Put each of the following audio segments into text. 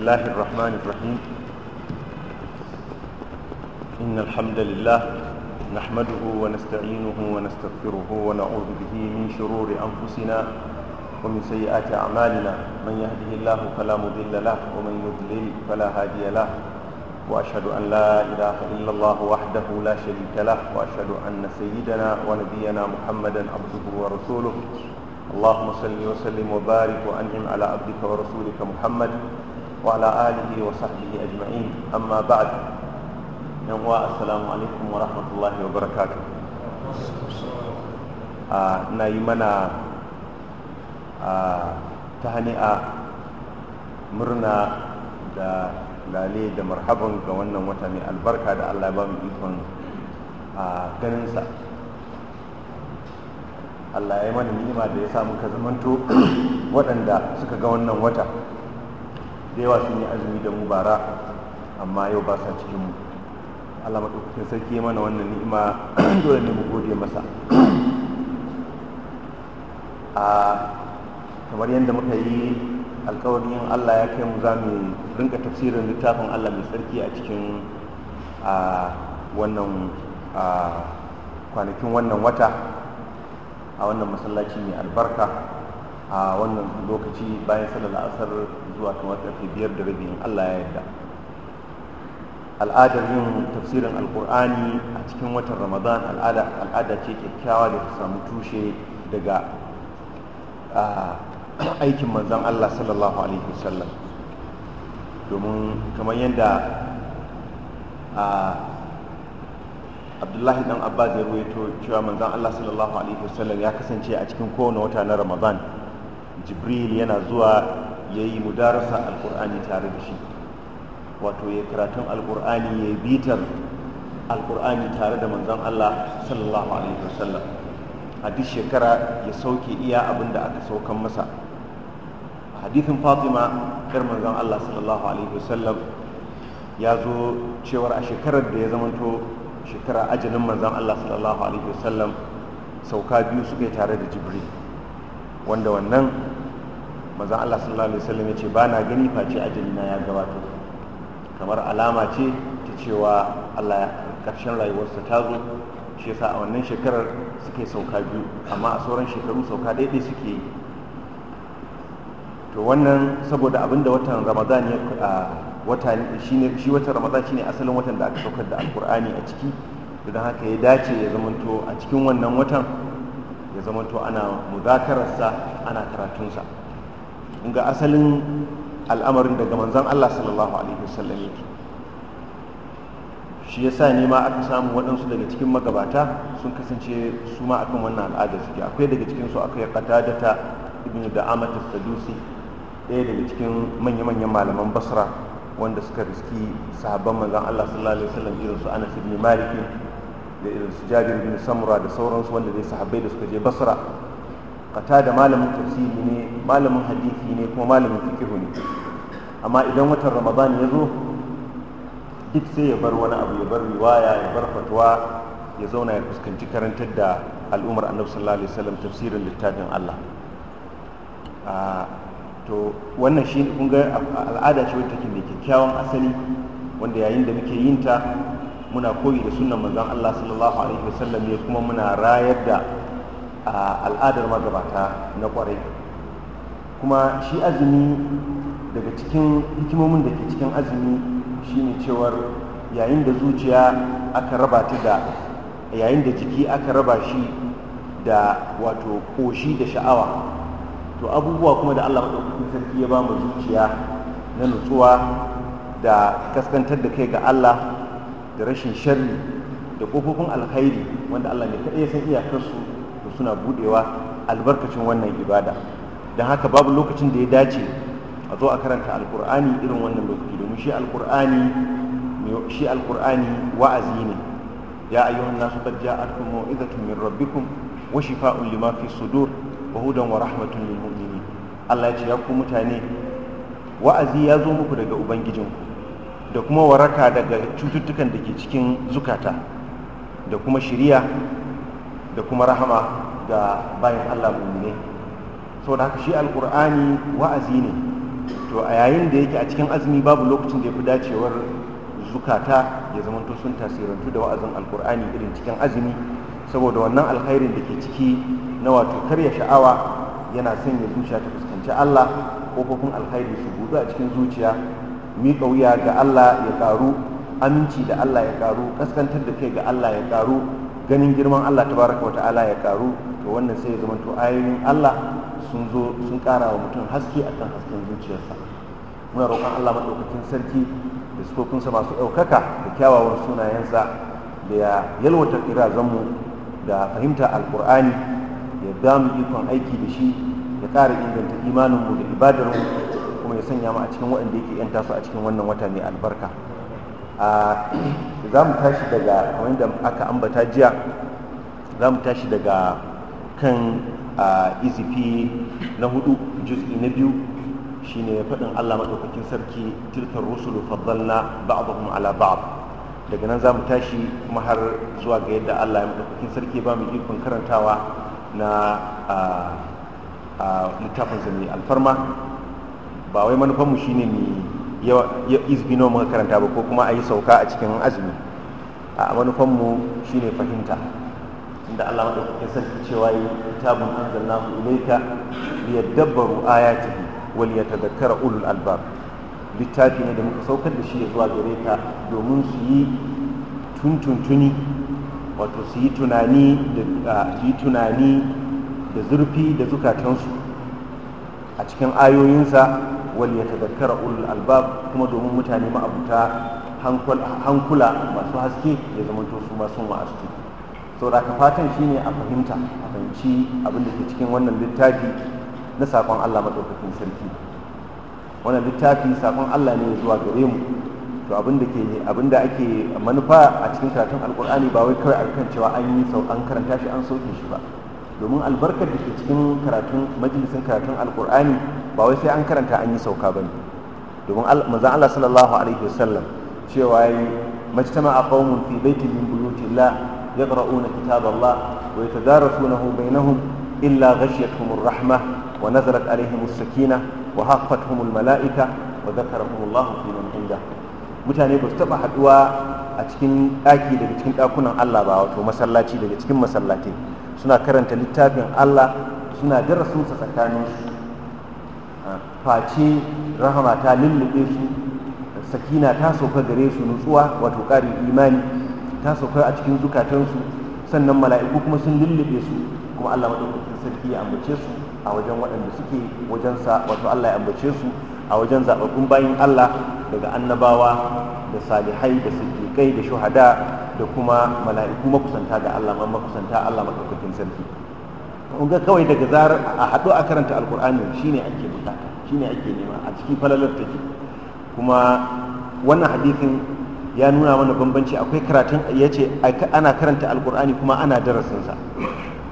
الله الرحمن الرحيم إن الحمد لله نحمده ونستعينه ونستغفره ونعوذ به من شرور أنفسنا ومن سيئات أعمالنا من يهده الله فلا مضل له ومن يضلل فلا هادي له وأشهد أن لا إله إلا الله وحده لا شريك له وأشهد أن سيدنا ونبينا محمدا عبده ورسوله اللهم صل وسلم وبارك وأنعم على عبدك ورسولك محمد وعلى آله وصحبه أجمعين أما بعد نوى السلام عليكم ورحمة wa وبركاته na yi mana ta hani'a murna da lale da marhaban ga wannan wata mai albarka da allah ba ganinsa allah ya yi mana ni'ima da ya sa muka zamanto waɗanda suka ga wannan wata da yawa sun yi azumi da mu bara amma yau ba sa cikin mu Allah maɗaukakin sarki ya mana wannan ni'ima dole ne mu gode masa a kamar yadda muka yi alkawarin Allah ya kai mu za mu rinka tafsirin littafin Allah mai sarki a cikin a wannan kwanakin wannan wata a wannan masallaci mai albarka a wannan lokaci bayan sallar asar zuwa kamar biyar da rabi Allah ya yarda al'adar yin tafsirin alkur'ani a cikin watan ramadan al'ada ce kyakkyawa da ta samu tushe daga aikin manzan Allah sallallahu alaihi wasallam domin kamar yadda abdullahi dan abbas ya ruwaito cewa manzan Allah sallallahu alaihi wasallam ya kasance a cikin kowane wata na ramadan jibril yana zuwa ya yi mudarasa alkur'ani tare da shi wato ya karatun alkur'ani ya yi bitar alkur'ani tare da manzon allah sallallahu alaihi wasallam a duk shekara ya sauke iya abin da aka saukan masa a hadithin fatima kar manzon allah sallallahu alaihi wasallam ya zo cewar a shekarar da ya zamanto shekara ajalin manzan Allah sallallahu alaihi wasallam sauka biyu suka yi tare da jibril wanda wannan manzon Allah sallallahu alaihi wasallam ya ce ba na gani face ajali na ya gabato kamar alama ce ta cewa Allah karshen rayuwarsa ta zo shi yasa a wannan shekarar suke sauka biyu amma a sauran shekaru sauka ɗaya suke yi to wannan saboda abinda watan ramadan ya wata shine shi watan ramadan shine asalin watan da aka saukar da alkur'ani a ciki don haka ya dace ya zamanto a cikin wannan watan ya zamanto ana muzakararsa ana karatunsa ga asalin al'amarin daga manzan Allah sallallahu alaihi wasallam yake shi yasa ne ma aka samu waɗansu daga cikin magabata sun kasance su ma akan wannan al'ada suke akwai daga cikin su akwai qatadata da da'amat da sadusi ɗaya daga cikin manya-manyan malaman basra wanda suka riski sahabban manzan Allah sallallahu alaihi wasallam irin su Anas ibn Malik da irin su Jabir ibn Samura da sauransu wanda dai sahabbai da suka je Basra kata da malamin tafsiri ne malamin hadisi ne kuma malamin fikihu ne amma idan watan ramadan ya zo duk sai ya bar wani abu ya bar riwaya ya bar fatwa ya zauna ya fuskanci karantar da al'ummar annabi sallallahu alaihi wasallam tafsirin littafin Allah to wannan shi kun ga al'ada ce wacce take mai kyakkyawan asali wanda yayin da muke yin ta muna koyi da sunnan manzon Allah sallallahu alaihi wasallam ne kuma muna rayar da a al'adar magabata na kwarai kuma shi azumi daga cikin hikimomin da ke cikin azumi shi ne cewar yayin da zuciya aka raba ta da yayin da jiki aka raba shi da wato koshi da sha'awa to abubuwa kuma da allah maɗaukakin sarki ya ba mu zuciya na nutsuwa da kaskantar da kai ga allah da rashin sharri da ƙofofin alkhairi wanda allah ne kaɗai ya san iyakarsu suna budewa albarkacin wannan ibada don haka babu lokacin da ya dace a zo a karanta alkur'ani irin wannan lokaci domin shi alkur'ani shi alkur'ani wa'azi ne ya ayyuhan nasu qad ja'atkum mau'izatun min rabbikum wa shifaa'un lima fi sudur wa hudan wa rahmatun lil mu'minin Allah ya ce ya ku mutane wa'azi ya zo muku daga ubangijinku da kuma waraka daga cututtukan da ke cikin zukata da kuma shiriya da kuma rahama ga bayan Allah ne so da haka shi alqur'ani wa'azi ne to a yayin da yake a cikin azumi babu lokacin da ya fi dacewar zukata ya zamanto sun tasirantu da wa'azin alqur'ani irin cikin azumi saboda wannan alkhairin da ke ciki na wato kar ya sha'awa yana sanya zuciya ta fuskanci Allah kofofin alkhairi su buɗu a cikin zuciya miƙa wuya ga Allah ya ƙaru aminci da Allah ya ƙaru ƙaskantar da kai ga Allah ya ƙaru ganin girman Allah tabaraka wa ta'ala ya ƙaru to wannan sai ya zama to ayoyin Allah sun zo sun ƙara wa mutum haske a kan hasken zuciyarsa muna roƙon Allah maɗaukakin sarki da sifofinsa masu ɗaukaka da kyawawan sunayensa da ya yalwata mu da fahimta alƙur'ani ya damu ikon aiki da shi ya ƙara inganta imaninmu da ibadarmu kuma ya sanya mu a cikin waɗanda yake yanta su a cikin wannan wata mai albarka za mu tashi daga kamar da aka ambata jiya za mu tashi daga kan izifi na hudu juz'i na biyu shine faɗin Allah maɗaukakin sarki tilkar rusulu faddalna ba'dhum ala ba'd daga nan zamu tashi kuma har zuwa ga yadda Allah maɗaukakin sarki ba mu ikon karantawa na littafin zami alfarma ba wai manufanmu shine mu izbi nawa muka karanta ba ko kuma a yi sauka a cikin azumi a manufanmu shine fahimta inda Allah madaukakin sarki cewa yi kitabun anzalnahu ilayka liyadabbaru ayatihi wal yatadhakkara ulul albab littafi ne da muka saukar da shi ya zuwa gare ka domin su yi tuntuntuni wato su yi tunani da su yi tunani da zurfi da zukatansu a cikin ayoyinsa wal yatadhakkara ulul albab kuma domin mutane ma'abuta hankula masu haske ya zamanto su masu sun ka fatan shine a fahimta a fahimci abin da ke cikin wannan littafi na sakon Allah maɗaukakin sarki wannan littafi sakon Allah ne zuwa gare mu to abin da ke abin da ake manufa a cikin karatun alkur'ani ba wai kawai akan cewa an yi saukan karanta shi an sauke shi ba domin albarkar da ke cikin karatun majalisin karatun alkur'ani ba wai sai an karanta an yi sauka ba ne domin manzon Allah sallallahu alaihi wasallam cewa yi majtama'a qaumun fi baitin min buyutillah يقرؤون كتاب الله ويتدارسونه بينهم إلا غشيتهم الرحمة ونزلت عليهم السكينة وهفتهم الملائكة وذكرهم الله في من عنده mutane ba su taɓa haɗuwa a cikin ɗaki daga cikin ɗakunan Allah ba wato masallaci daga cikin masallatai suna karanta littafin Allah suna darasinsa tsakaninsu face rahama ta lullube su sakina ta sauka gare su nutsuwa wato ƙarin imani ta sauka a cikin zukatansu sannan mala'iku kuma sun lullube su kuma Allah madaukakin sarki ya ambace su a wajen waɗanda suke wajen sa wato Allah ya ambace su a wajen zababbun bayin Allah daga annabawa da salihai da siddiqai da shuhada da kuma mala'iku makusanta ga Allah ma makusanta Allah madaukakin sarki kun ga kawai daga zar a haɗu a karanta alqur'ani shine ake buƙata shine ake nema a cikin falalar take kuma wannan hadisin ya nuna mana bambanci akwai karatun ya ce ana karanta alkur'ani kuma ana darasinsa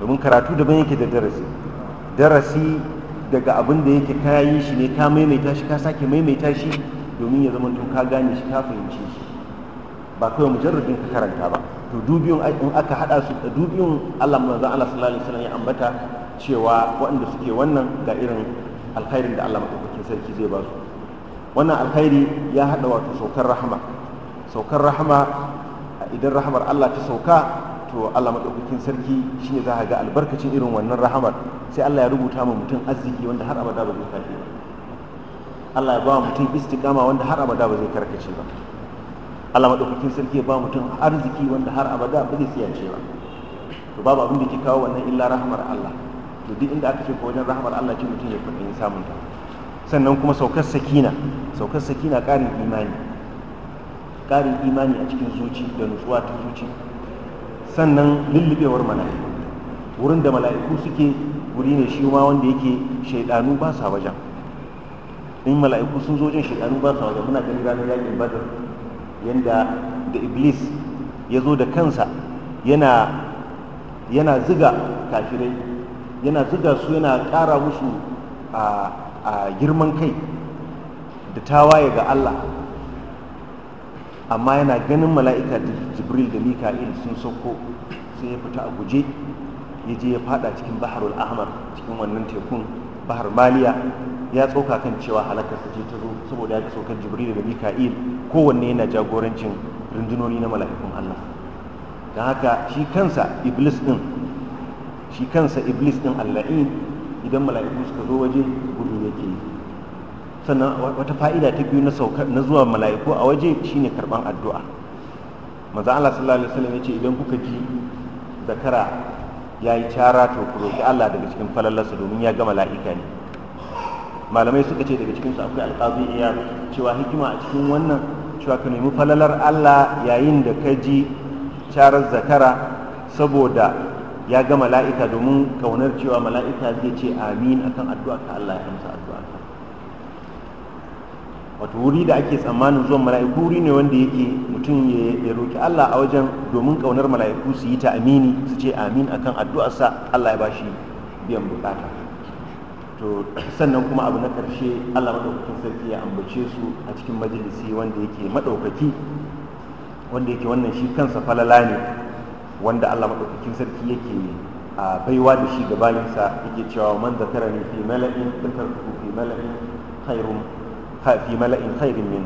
domin karatu daban yake da darasi darasi daga abin da yake ka shi ne ka maimaita shi ka sake maimaita shi domin ya zama ka gane shi ka fahimce shi ba kawai mujarrabin ka karanta ba to dubiyun in aka hada su da dubiyun Allah manzo Allah sallallahu alaihi wasallam ya ambata cewa waɗanda suke wannan ga irin alkhairin da Allah madaukakin sarki zai ba su wannan alkhairi ya haɗa wato saukar rahama saukar rahama idan rahamar Allah ta sauka to Allah maɗaukakin sarki shine za a ga albarkacin irin wannan rahamar sai Allah ya rubuta ma mutum arziki wanda har abada ba zai karkace ba Allah ya ba mutum istiqama wanda har abada ba zai karkace ba Allah maɗaukakin sarki ya ba mutum arziki wanda har abada ba zai tsiyace ba to babu abin da ke kawo wannan illa rahamar Allah to duk inda aka ce ko wajen rahamar Allah ce mutum ya kudin samun ta sannan kuma saukar sakina saukar sakina ƙarin imani ƙarin imani a cikin zuci da nutsuwa ta zuci sannan lullubewar mala'iku wurin da mala'iku suke wuri ne shi ma wanda yake shaidanu ba sa wajen in mala'iku sun zo wajen shaidanu ba sa wajen muna gani ranar yakin badar yanda da iblis ya zo da kansa yana yana ziga kafirai yana ziga su yana ƙara musu a girman kai da tawaye ga Allah amma yana ganin mala'ika da jibril da mika'il sun sauko sai ya fita a guje ya je ya fada cikin baharul ahmar cikin wannan tekun bahar maliya ya tsoka kan cewa halakar su ta zo saboda ya ga saukar jibril da mika'il kowanne yana jagorancin rundunoni na mala'ikun allah don haka shi kansa iblis din shi kansa iblis din allah'in idan mala'iku suka zo waje gudu yake yi sannan wata fa'ida ta biyu na zuwa mala'iku a waje shine karban addu'a manzo Allah sallallahu alaihi wasallam yace idan kuka ji zakara yayi cara to ku roki Allah daga cikin falalarsa domin ya ga mala'ika ne malamai suka ce daga cikin su akwai alqazi iya cewa hikima a cikin wannan cewa ka nemi falalar Allah yayin da ka ji carar zakara saboda ya gama mala'ika domin kaunar cewa mala'ika zai ce amin akan addu'a ka Allah ya amsa wato wuri da ake tsammanin zuwan mala'iku wuri ne wanda yake mutum ya roki Allah a wajen domin kaunar mala'iku su yi ta amini su ce amin akan sa Allah ya bashi biyan bukata to sannan kuma abu na karshe Allah madaukakin sarki ya ambace su a cikin majalisi wanda yake madaukaki wanda yake wannan shi kansa falala ne wanda Allah madaukakin sarki yake a baiwa da shi gabaninsa yake cewa man zakarani fi mala'in fi mala'in khairun fi mala'in khairin min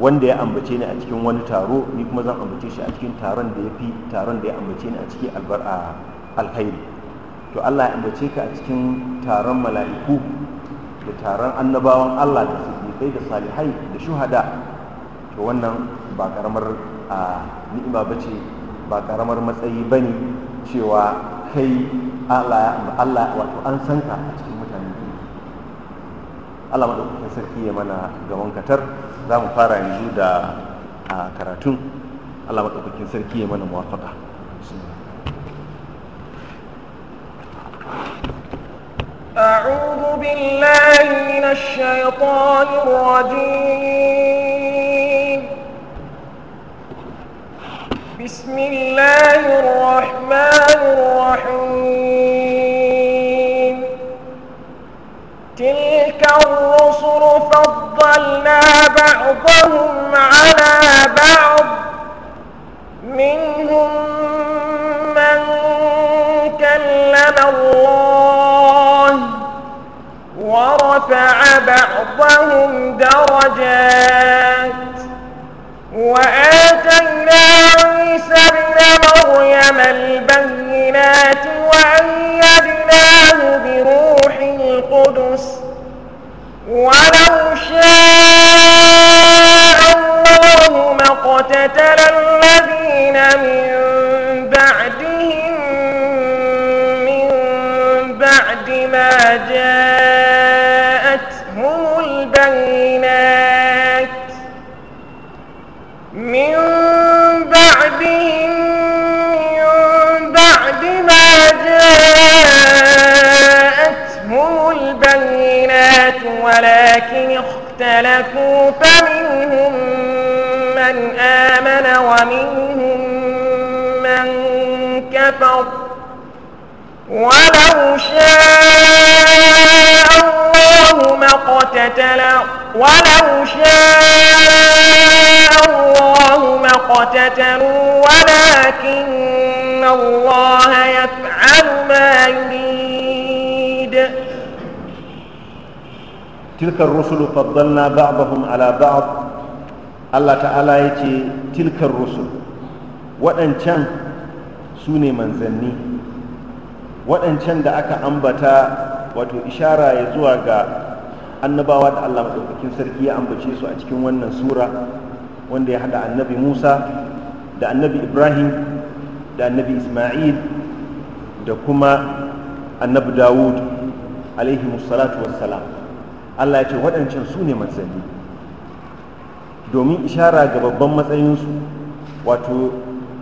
wanda ya ambace ni a cikin wani taro ni kuma zan ambace shi a cikin taron da ya fi taron da ya ambace ni a cikin alkhairi to Allah ya ambace ka a cikin taron mala'iku da taron annabawan Allah da kai da salihai da shuhada to wannan ba karamar ni'ima bace ba karamar matsayi bane cewa kai Allah wato an san ka a cikin Allah madaukakin sarki ya mana gaban katar za mu fara yanzu da karatun Allah madaukakin sarki ya mana muwafaka أعوذ بالله من الشيطان الرجيم بسم الله الرحمن الرحيم تلك الرسل فضلنا بعضهم على بعض منهم من كلم الله ورفع بعضهم درجات وآتينا عيسى ابن مريم البينات وأيدنا القدس ولو شاء الله ما اقتتل الذين من بعدهم من بعد ما جاءوا ولكن اختلفوا فمنهم من آمن ومنهم من كفر ولو شاء الله ما اقتتل ولو شاء الله ما اقتتلوا ولكن الله يفعل ما يريد tilkar rusulu faddalna ba'dahum ala ba'd Allah ta'ala yace tilkar rusul waɗancan su ne manzanni waɗancan da aka ambata wato ishara ya zuwa ga annabawa da Allah maɗaukakin sarki ya ambace su a cikin wannan sura wanda ya haɗa annabi Musa da annabi Ibrahim da annabi Ismail da kuma annabi Dawud alaihi salatu wassalam Allah ya ce waɗancan su ne manzanni domin ishara ga babban matsayinsu wato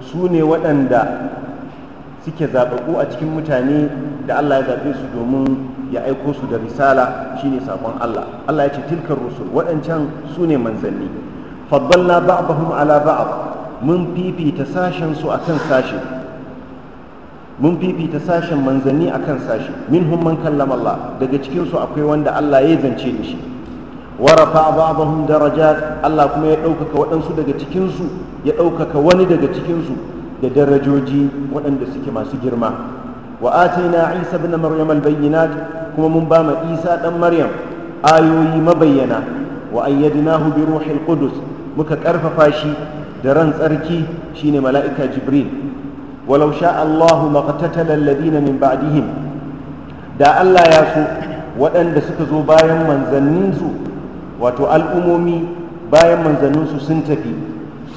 su ne waɗanda suke zaɓaɓɓu a cikin mutane da Allah ya zaɓe su domin ya aiko su da risala shine sakon Allah Allah ya ce tilkar rusul waɗancan su ne manzanni faddalna ba'dahum ala ba'd mun fifita sashen su akan sashe mun fifita sashen manzanni akan sashi minhum man kallama daga cikinsu akwai wanda Allah ya zance da shi wa rafa daraja, darajat Allah kuma ya ɗaukaka waɗansu daga cikinsu, ya ɗaukaka wani daga cikinsu da darajoji waɗanda suke masu girma wa atina Isa ibn Maryam al kuma mun ba ma Isa dan Maryam ayoyi mabayyana wa ayyadnahu bi ruhil qudus muka karfafa shi da ran tsarki shine mala'ika Jibril Walausha Allahu maqtatala alladhina na ba'dihim da Allah ya so waɗanda suka zo bayan manzanninsu wato al'umomi bayan manzanninsu sun tafi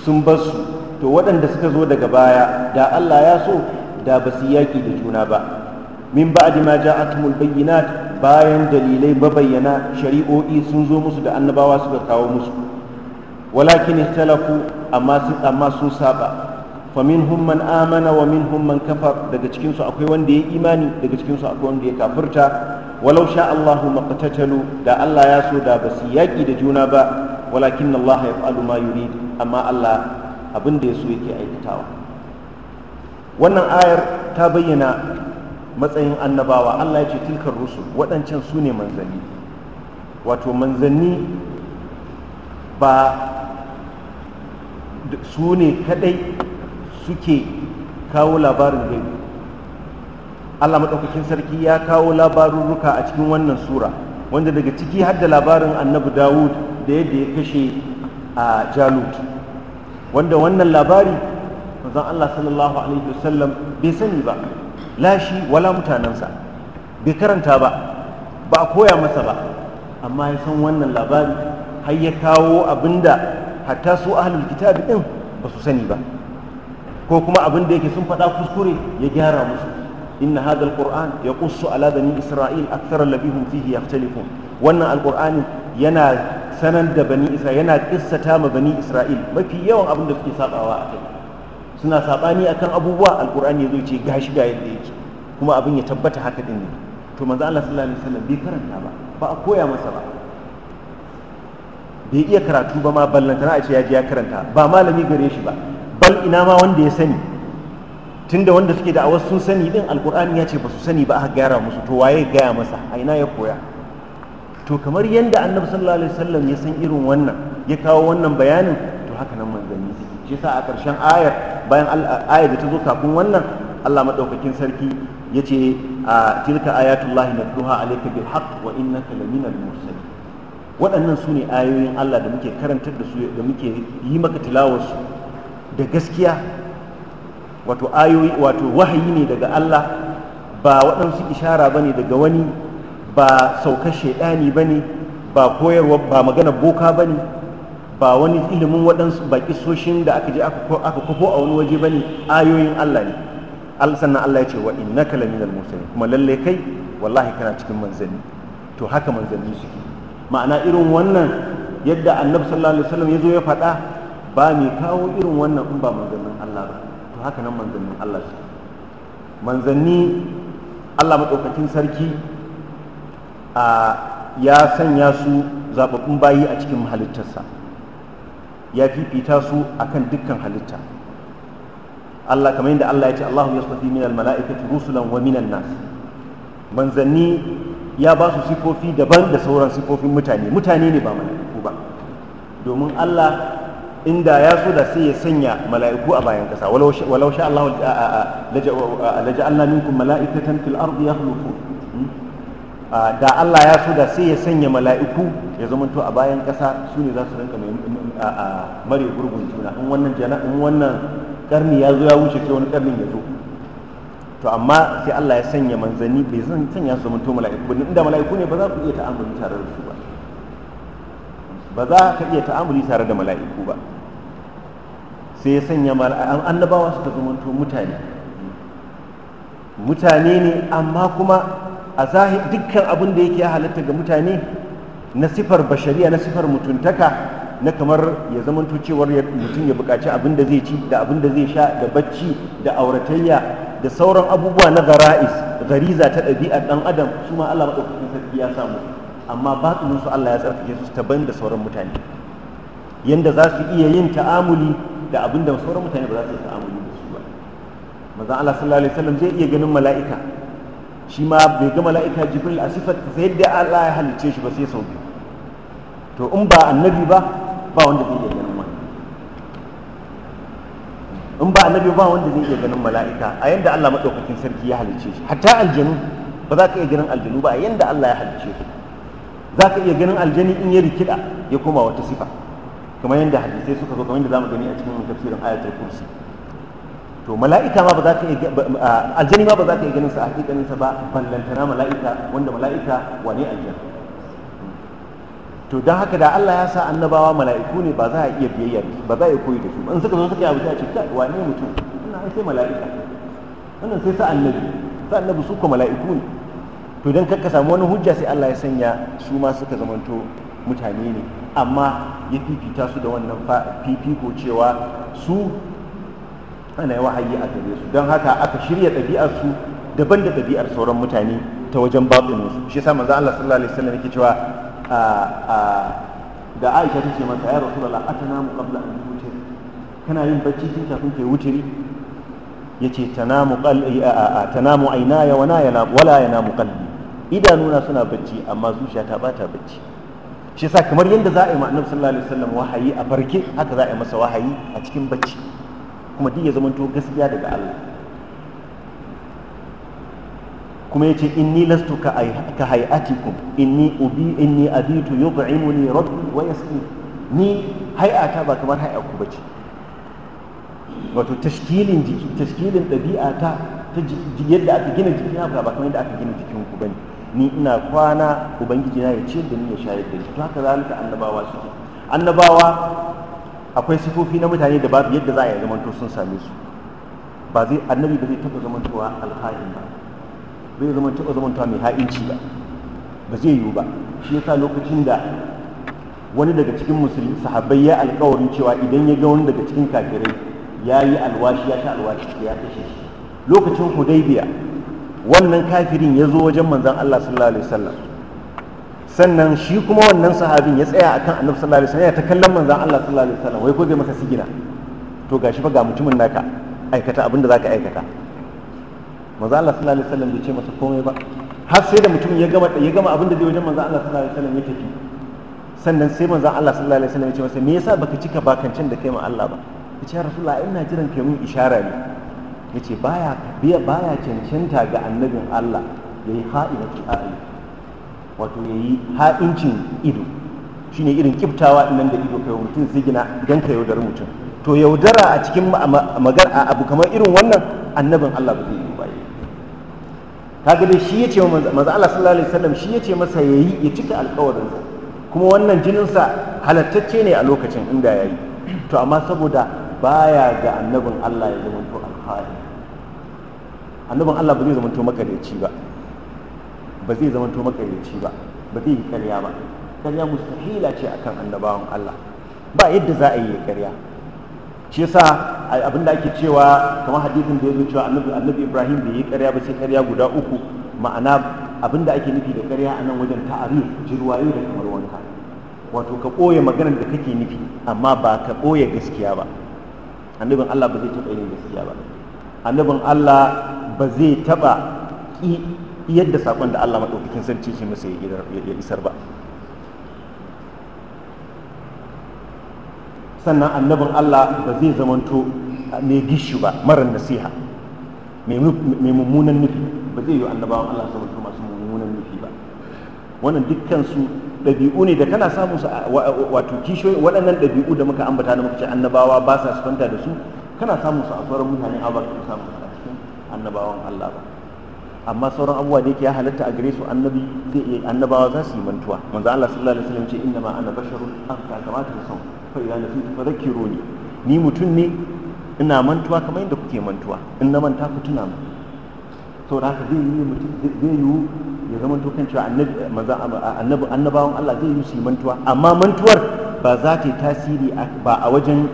sun basu, to waɗanda suka zo daga baya da Allah ya so da ba su yaƙi da juna ba min ba'di ma ja'atumul bayyinat bayan dalilai mabayyana shari'o'i sun zo musu da annabawa suka kawo musu walakin ikhtalafu a masu amma sun saba faminhum man amana wa minhum man kafa daga cikin su akwai wanda ya imani daga cikin su akwai wanda ya kafirta walau sha Allahu maqtatalu da Allah ya so da basu yaki da juna ba walakin Allah yaf'alu ma yurid amma Allah abin da ya so yake aikatawa wannan ayar ta bayyana matsayin annabawa Allah ya ce tilkar rusul waɗancan su ne manzanni wato manzanni ba su ne kadai suke kawo labarin gaibi Allah maɗaukakin sarki ya kawo labarurruka a cikin wannan sura wanda daga ciki har da labarin annabi dawud da yadda ya kashe a jalut wanda wannan labari manzon Allah sallallahu alaihi wasallam bai sani ba lashi wala mutanensa bai karanta ba ba a koya masa ba amma ya san wannan labari har ya kawo abinda hatta su ahlul kitab din ba su sani ba ko kuma abin da yake sun faɗa kuskure ya gyara musu inna hadha ya yaqussu ala bani isra'il akthar allabihum fihi yakhtalifun wannan alqur'ani yana sanar da bani isra'il yana kissata ma bani isra'il mafi yawan abin da suke sabawa a kai suna sabani akan abubuwa alqur'ani yazo ce gashi ga yadda yake kuma abin ya tabbata haka din ne to manzo Allah sallallahu alaihi wasallam bai karanta ba ba a koya masa ba bai iya karatu ba ma ballantana a ce ya je ya karanta ba malami gare shi ba bal ina ma wanda ya sani tunda wanda suke da awas sun sani din alkur'ani ya ce ba su sani ba aka gyara musu to waye gaya masa a ina ya koya to kamar yadda annabi sallallahu alaihi wasallam ya san irin wannan ya kawo wannan bayanin to haka nan manzanni suke shi sa a karshen ayar bayan ayar da ta zo kafin wannan Allah madaukakin sarki ya ce a tilka ayatullahi natluha alayka bil haqq wa innaka laminal mursalin waɗannan su ne ayoyin Allah da muke karantar da su da muke yi maka tilawarsu da gaskiya wato ayoyi wato wahayi ne daga Allah ba waɗansu ishara ba ne daga wani ba saukar shaidani ba ne ba koyarwa ba magana boka ba ba wani ilimin waɗansu ba kisoshin da aka je aka kufo a wani waje ba ayoyin Allah ne sannan Allah ya ce wa innaka laminal mursalin kuma lalle kai wallahi kana cikin manzanni to haka manzanni suke ma'ana irin wannan yadda annabi sallallahu alaihi wasallam ya zo ya faɗa ba mai kawo irin wannan in ba manzannin Allah ba to haka nan manzannin Allah shi manzanni Allah maɗaukakin sarki ya sanya su zaɓaɓɓun bayi a cikin halittarsa ya fifita su akan dukkan halitta Allah kamar yadda Allah ya ce Allahu yasfafi minal mala'ikati rusulan wa minan nas manzanni ya ba su sifofi daban da sauran sifofin mutane mutane ne ba mala'iku ba domin Allah inda ya so da sai ya sanya mala'iku a bayan kasa walau sha Allah laja'alna minkum mala'ikatan fil ardi yakhlufu hmm? da Allah ya so da sai ya sanya mala'iku ya to a bayan kasa su ne za su rinka mare gurgun juna in wannan jana in wannan karni ya zo ya wuce sai wani karnin ya zo to amma sai Allah ya sanya manzanni bai zan sanya su zamanto mala'iku ne inda mala'iku ne ba za ku iya ta'amuli tare da su ba ba za ka iya ta'amuli tare da mala'iku ba sai ya sanya annabawa ta to mutane mutane ne amma kuma a zahi dukkan abin da yake halatta ga mutane na sifar bashariya na sifar mutuntaka na kamar ya zamanto cewar mutum ya buƙaci abin da zai ci da abin da zai sha da bacci da auratayya da sauran abubuwa na gara'is gariza ta ɗabi'ar ɗan adam su ma Allah maɗaukakin sarki ya samu amma ba su Allah ya tsarkake su ta ban da sauran mutane yadda za su iya yin ta'amuli da abin da sauran mutane ba za su yi ta'amuli da su ba maza Allah sallallahu alaihi wasallam zai iya ganin mala'ika shi ma bai ga mala'ika jibril a sifar ta yadda Allah ya halicce shi ba sai sau biyu to in ba annabi ba ba wanda zai iya ganin wani in ba annabi ba wanda zai iya ganin mala'ika a yanda Allah madaukakin sarki ya halicce shi hatta aljanu ba za ka iya ganin aljanu ba a yanda Allah ya halicce shi za ka iya ganin aljani in ya rikida ya koma wata sifa kamar yadda hadisai suka zo kamar yadda zamu gani a cikin tafsirin ayatul kursi to mala'ika ma ba za ka aljani ma ba za ka iya ganin sa a hakikanin sa ba ballantana mala'ika wanda mala'ika wane aljani to don haka da Allah ya sa annabawa mala'iku ne ba za a iya biyayya ba za a iya koyi da su in suka zo suka yi abuta a ce wane mutum wannan sai mala'ika wannan sai sa annabi sa annabi su ko mala'iku ne to don ka samu wani hujja sai Allah ya sanya su ma suka zamanto mutane ne amma ya fifita su da wannan fifiko cewa su ana yi wahayi a gare su don haka aka shirya ɗabi'ar su daban da ɗabi'ar sauran mutane ta wajen batsinin su shi yasa manzo Allah sallallahu alaihi wasallam yake cewa da Aisha ta ce masa ya Rasulullah atanamu qabla an wuce kana yin bacci tun kafin kai wutiri yace tanamu qalbi a tanamu aynaya wa na yana wala namu qalbi idanuna suna bacci amma zuciya ta bata bacci shi yasa kamar yadda za a yi ma'anar sallallahu alaihi wasallam wahayi a farke haka za a yi masa wahayi a cikin bacci kuma duk ya to gaskiya daga Allah kuma yace inni lastu ka ka hayatikum inni ubi inni abitu yub'imuni rabbi wa yasqi ni hayata ba kamar hayatku bace wato tashkilin jiki tashkilin ɗabi'a ta yadda aka gina jiki haka ba kamar yadda aka gina jikin ku bane ni ina kwana ubangiji na ya ce da ni ya shayar da shi to haka zalika annabawa suke annabawa akwai sifofi na mutane da babu yadda za a yi zamanto sun same su ba zai annabi ba zai taɓa zamantowa alha'in ba bai zama taɓa zamantowa mai ha'inci ba ba zai yiwu ba shi yasa lokacin da wani daga cikin musulmi sahabbai ya alkawarin cewa idan ya ga wani daga cikin kafirai ya yi alwashi ya sha alwashi ya kashe shi lokacin hudaybiya wannan kafirin ya zo wajen manzan Allah sallallahu alaihi wasallam sannan shi kuma wannan sahabin ya tsaya akan annabi sallallahu alaihi wasallam ya ta kallon manzan Allah sallallahu alaihi wasallam wai ko zai masa sigina to gashi fa ga mutumin naka aikata abin da zaka aikata manzan Allah sallallahu alaihi wasallam bai ce masa komai ba har sai da mutum ya gama ya gama abin da zai wajen manzan Allah sallallahu alaihi wasallam ya tafi sannan sai manzan Allah sallallahu alaihi wasallam ya ce masa me yasa baka cika bakancin da kai ma Allah ba ya ce rasulullahi ina jiran kai mun ishara ne yace baya biya baya cancanta ga annabin Allah yayi ha'inatul a'yun wato yayi ha'incin ido shine irin kiftawa nan da ido kai mutum zigina dan ka yaudar mutum to yaudara a cikin magar a abu kamar irin wannan annabin Allah ba zai yi ba kaga dai shi yace manzo Allah sallallahu alaihi wasallam shi yace masa yayi ya cika alƙawarinsa kuma wannan jininsa halattacce ne a lokacin inda yayi to amma saboda baya ga annabin Allah ya zama to alhali annabin Allah ba zai zama to makaryaci ba ba zai zama to makaryaci ba ba zai yi karya ba karya mustahila ce akan annabawan Allah ba yadda za a yi karya shi yasa abin da ake cewa kamar hadisin da ya zo cewa annabi Ibrahim bai yi karya ba sai karya guda uku ma'ana abin da ake nufi da karya a nan wajen ta'arif jirwaye da kamar wanka wato ka ɓoye maganar da kake nufi amma ba ka ɓoye gaskiya ba annabin Allah ba zai taɓa yin gaskiya ba annabin Allah ba zai taɓa yadda saƙon da Allah maɗaukakin sarki shi masa ya isar ba sannan annabin Allah ba zai zamanto mai gishu ba marar nasiha mai mummunan nufi ba zai yi annabawan Allah zamanto masu mummunan nufi ba wannan dukkan su ɗabi'u ne da kana samun su wato kishiyoyi waɗannan ɗabi'u da muka ambata da muka ce annabawa ba sa sufanta da su kana samun su a tsoron mutane a ba ka samu annabawan Allah ba amma sauran abubuwa da yake ya halatta a gare su annabi zai iya annabawa za su yi mantuwa manzo Allah sallallahu alaihi wasallam ce inna ma ana basharun amka kamata da son fa ila nasitu fadhakkiruni ni mutum ne ina mantuwa kamar yadda kuke mantuwa in na manta ku tuna mu to da haka zai yi mutun zai yi ya zama to kan cewa annabi manzo annabi annabawan Allah zai yi su mantuwa amma mantuwar ba za ta yi tasiri ba a wajen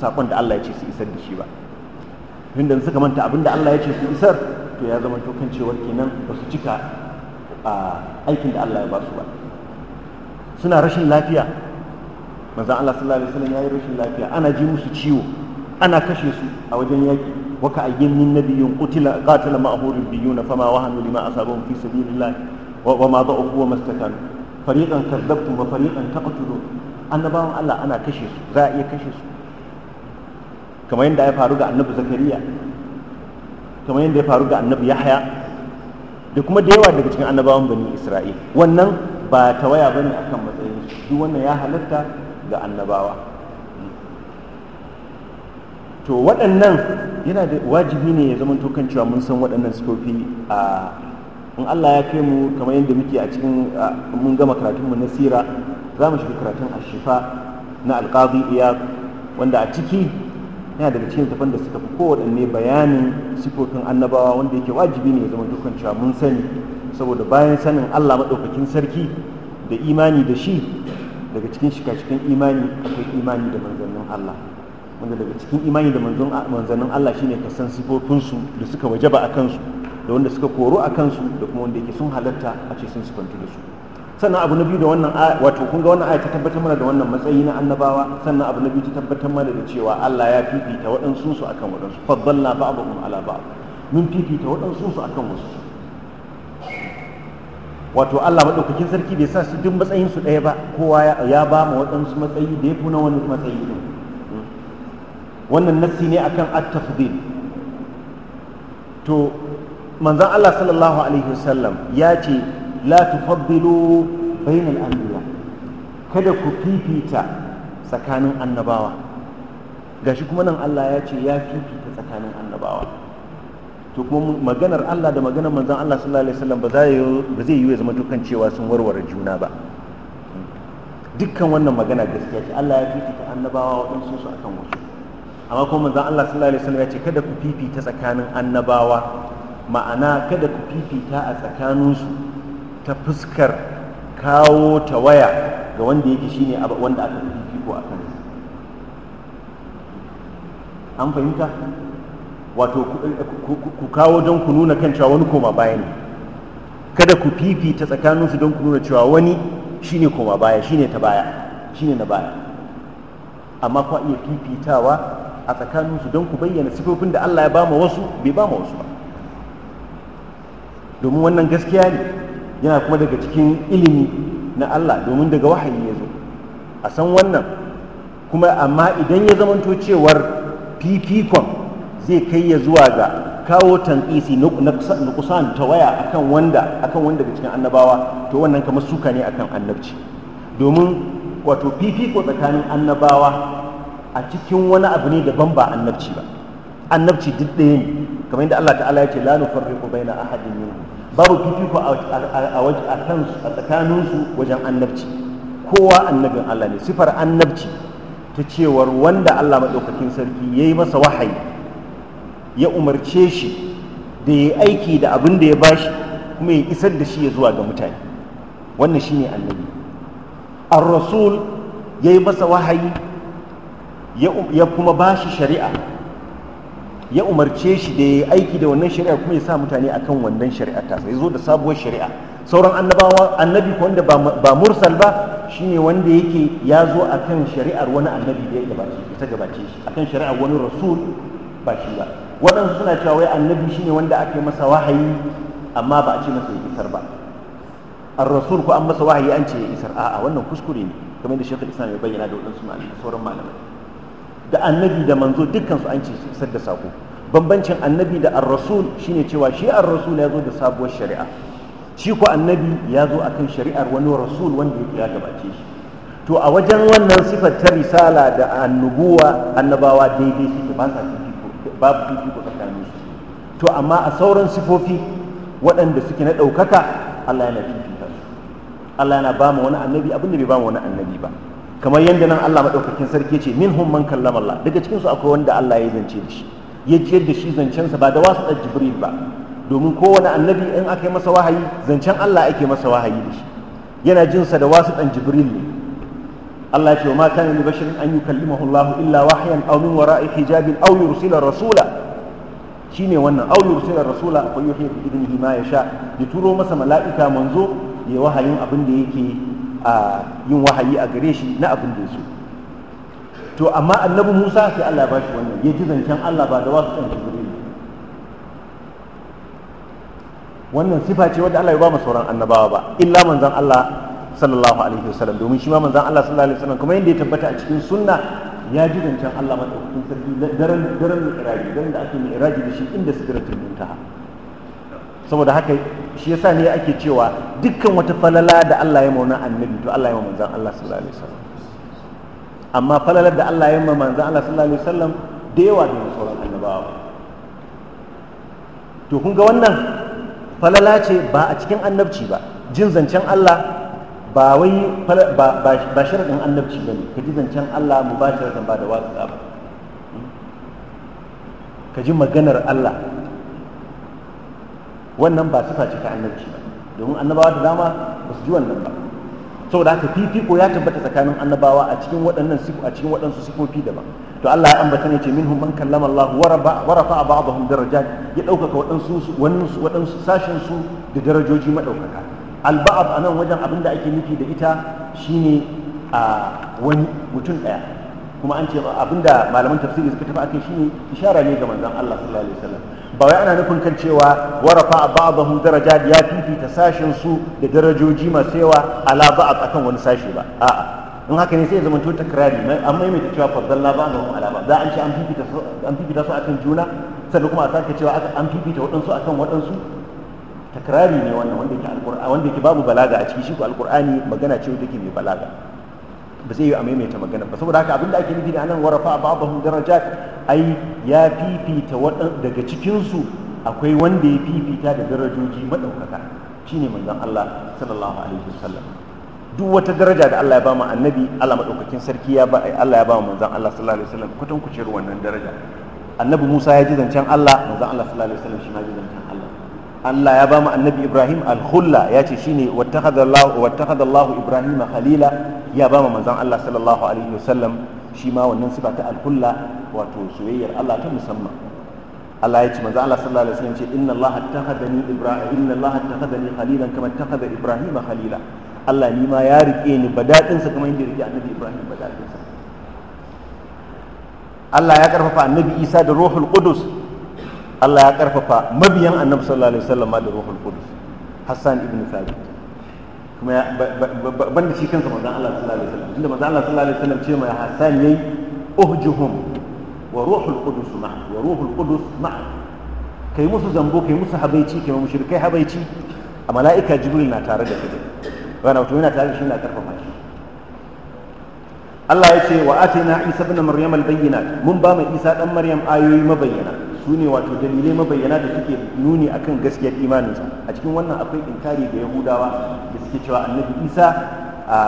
sakon da Allah ya ce su isar da shi ba inda suka manta abinda Allah ya ce su isar to ya zama to kan cewar kenan ba su cika aikin da Allah ya ba su ba suna rashin lafiya manzon Allah sallallahu alaihi wasallam yayi rashin lafiya ana ji musu ciwo ana kashe su a wajen yaki wa ka ayyin min nabiyyun qutila qatala ma'hu rabbiyuna fama wahanu lima asabahum fi sabilillah wa ma da'u wa mastakanu fariqan kadzabtum wa fariqan taqtulun annabawan Allah ana kashe su za a iya kashe su kamar yadda ya faru ga annabi zakariya kamar yadda ya faru ga annabi yahya da kuma da yawa daga cikin annabawan bani isra'il wannan ba ta waya ba ne akan matsayin shi, wannan ya halatta ga annabawa to waɗannan yana da wajibi ne ya zama tokan cewa mun san waɗannan sufofi a in allah ya kai mu kamar yadda muke a cikin mun gama karatunmu na sira za mu shiga karatun ashifa na alƙazi iya wanda a ciki yana daga cikin tafan da suka fi kowaɗanne bayanin sifofin annabawa wanda yake wajibi ne ya zama dukkan mun sani saboda bayan sanin allah maɗaukakin sarki da imani da shi daga cikin shika cikin imani akwai imani da manzannin allah wanda daga cikin imani da manzannin allah shine ka san sifofinsu da suka wajaba a kansu da wanda suka koro a kansu da kuma wanda yake sun halatta a ce sun sifantu da su sannan abu na biyu da wannan wato kun ga wannan aya ta tabbatar mana da wannan matsayi na annabawa sannan abu na biyu ta tabbatar mana da cewa Allah ya fifita waɗansu su akan waɗansu faddalna ba'dhum ala ba'd mun fifita waɗansu su akan wasu wato Allah madaukakin sarki bai sa su duk matsayin su ɗaya ba kowa ya ba mu waɗansu matsayi da ya fi na wani matsayi din wannan nassi ne akan at-tafdil to manzon Allah sallallahu alaihi wasallam ya ce لا تفضلوا بين الأنبياء kada ku fifita tsakanin annabawa gashi kuma nan Allah ya ce ya fifita tsakanin annabawa to kuma maganar Allah da maganar manzon Allah sallallahu alaihi wasallam ba zai ba zai yi zama dukan cewa sun warware juna ba dukkan wannan magana gaskiya ce Allah ya fifita annabawa waɗansu su akan wasu amma kuma manzon Allah sallallahu alaihi wasallam ya ce kada ku fifita tsakanin annabawa ma'ana kada ku fifita a tsakaninsu ta fuskar kawo ta waya ga wanda yake shine wanda aka fi fiko a kansa an fahimta wato eh, ku kawo don ku nuna kan cewa wani koma baya ne kada ku fifita tsakaninsu don ku nuna cewa wani shine koma baya shine ta baya shine na baya amma kwa iya fifitawa a tsakaninsu don ku bayyana sifofin da Allah ya bama wasu bai bama wasu ba domin wannan gaskiya ne yana kuma daga cikin ilimi na Allah domin daga wahayi ya zo a san wannan kuma amma idan ya zamanto cewar fifikon zai kai ya zuwa ga kawo tanƙisi na kusan ta waya akan wanda akan wanda daga cikin annabawa to wannan kamar suka ne akan annabci domin wato fifiko tsakanin annabawa a cikin wani abu ne daban ba annabci ba annabci duk ɗaya ne kamar yadda Allah ta'ala ya ce la nufarriqu baina ahadin minhum babu fifiko a tsakaninsu wajen annabci kowa annabin Allah ne sifar annabci ta cewar wanda Allah maɗaukakin sarki ya yi masa wahayi ya umarce shi da ya aiki da abin da ya bashi kuma ya isar da shi ya zuwa ga mutane wannan shi ne annabi ar-rasul ya yi masa wahayi ya kuma bashi shari'a ya umarce shi da ya aiki da wannan shari'a kuma ya sa mutane akan wannan shari'a ta sai zo da sabuwar shari'a sauran annabawa annabi wanda ba mursal ba shine wanda yake ya zo akan shari'ar wani annabi da ya gabace ta gabace shi akan shari'ar wani rasul ba shi ba waɗansu suna cewa wai annabi shine wanda aka yi masa wahayi amma ba a ce masa ya isar ba ar rasul ko an masa wahayi an ce ya isar a'a wannan kuskure ne kamar da shekul islam ya bayyana da waɗansu malamai sauran malamai da annabi da manzo dukkan an ce su da sako bambancin annabi da ar-rasul shine cewa shi ar-rasul ya zo da sabuwar shari'a shi ko annabi ya zo akan shari'ar wani rasul wanda ya gabace shi to a wajen wannan sifar ta risala da annubuwa annabawa daidai suke ba sa babu fifiko tsakanin su to amma a sauran sifofi waɗanda suke na ɗaukaka Allah yana fifita su Allah yana ba mu wani annabi abin da bai ba mu wani annabi ba kamar yadda nan Allah maɗaukakin sarki ce min man kallama Allah daga cikinsu akwai wanda Allah ya zance da shi ya jiyar da shi zancensa ba da wasu ɗan jibril ba domin kowane annabi in aka yi masa wahayi zancen Allah ake masa wahayi da shi yana jinsa da wasu ɗan jibril ne Allah ya wa ma kana li basharin an yukallimahu Allah illa wahyan aw min wara'i hijabin aw yursila rasula shine wannan aw yursila rasula fa yuhyi bi idnihi ma yasha ya turo masa mala'ika manzo ya wahayin abin da yake a yin wahayi a gare shi na abin da ya to amma annabi musa sai allah ya bashi wannan ya ji zancen allah ba da wasu ɗan ne wannan sifa ce wadda allah ya ba mu sauran annabawa ba illa manzan allah sallallahu alaihi wasallam domin shi ma manzan Allah sallallahu alaihi wasallam kuma yadda ya tabbata a cikin sunna ya ji zancen Allah madaukakin sarki daren daren mi'raji daren da ake mi'raji da shi inda sidratul muntaha saboda haka shi yasa ne ake cewa dukkan wata falala da Allah ya mauna annabi to Allah ya mauna manzan Allah sallallahu alaihi wasallam amma falalar da Allah ya mauna manzan Allah sallallahu alaihi wasallam da yawa da sauran annabawa to kun ga wannan falala ce ba a cikin annabci ba jin zancen Allah ba wai ba sharadin annabci ba ne ka ji zancen Allah mu ba sharaɗin ba da wasu ba hmm? ka ji maganar Allah wannan ba sifa ce ta annabci ba domin annabawa da dama ba su ji wannan ba saboda haka fifiko ya tabbata tsakanin annabawa a cikin waɗannan sifo a cikin waɗansu sifofi daban to Allah ya ambata ne ce minhum man kallama Allah wa rafa'a ba'dahum darajat ya ɗaukaka waɗansu waɗansu waɗansu sashen su da darajoji madaukaka alba'ad anan wajen abin da ake nufi da ita shine a wani mutum ɗaya kuma an ce abin da malaman tafsiri suka tafi akai shine ishara ne ga manzon Allah sallallahu alaihi wasallam ba wai ana nufin kan cewa warafa ba'dahu darajat ya fifita sashin su da darajoji masu yawa ala ba'd akan wani sashi ba a'a in haka ne sai ya zama to takrari amma mai ta cewa faddalla ba'dahu ala ba'd da an ce an fifita su an fifita su akan juna sannan kuma a sake cewa an fifita waɗansu akan waɗansu takrari ne wannan wanda yake alqur'ani wanda yake babu balaga a ciki shi ko Alƙur'ani magana ce take mai balaga ba zai yi a maimaita magana ba saboda haka abinda ake nufi da anan warafa ba'dahum darajat ai ya fifita wadan daga cikin su akwai wanda ya fifita da darajoji madaukaka shine manzon Allah sallallahu alaihi wasallam duk wata daraja da Allah ya ba mu annabi Allah madaukakin sarki ya ba Allah ya ba mu manzon Allah sallallahu alaihi wasallam kutan kuciyar wannan daraja annabi Musa ya ji zancen Allah manzon Allah sallallahu alaihi wasallam shi ma ji zancen Allah ya ba mu annabi Ibrahim al-khulla ya ce shine wattakhadha Allah Ibrahim khalila ya ba mu manzon Allah sallallahu alaihi wasallam shi ma wannan sifa ta al-khulla wato soyayyar Allah ta musamman Allah ya ce manzon Allah sallallahu alaihi wasallam ce inna Allah attakhadani Ibrahim inna Allah attakhadani khalilan kama attakhadha Ibrahim khalila Allah ni ma ya rike ni badadin sa kamar yadda rike annabi Ibrahim badadin sa Allah ya karfafa annabi Isa da Ruhul Qudus Allah ya karfafa mabiyan annabi sallallahu alaihi wasallam da ruhul qudus Hassan ibn Thabit kuma ban da shi kansa manzon Allah sallallahu alaihi wasallam tunda manzon Allah sallallahu alaihi wasallam ce mai Hassan yayi uhjuhum wa ruhul qudus ma wa ruhul qudus ma kai musu zambo kai musu habaici kai mushrikai habaici a mala'ika jibril na tare da kai wannan to yana tare da shi na karfafa shi Allah ya ce wa atina Isa ibn Maryam al-bayyinat mun ba mai Isa dan Maryam ayoyi mabayyana su ne wato dalilai mabayyana da suke nuni akan gaskiyar imaninsa a cikin wannan akwai inkari da yahudawa da suke cewa annabi isa a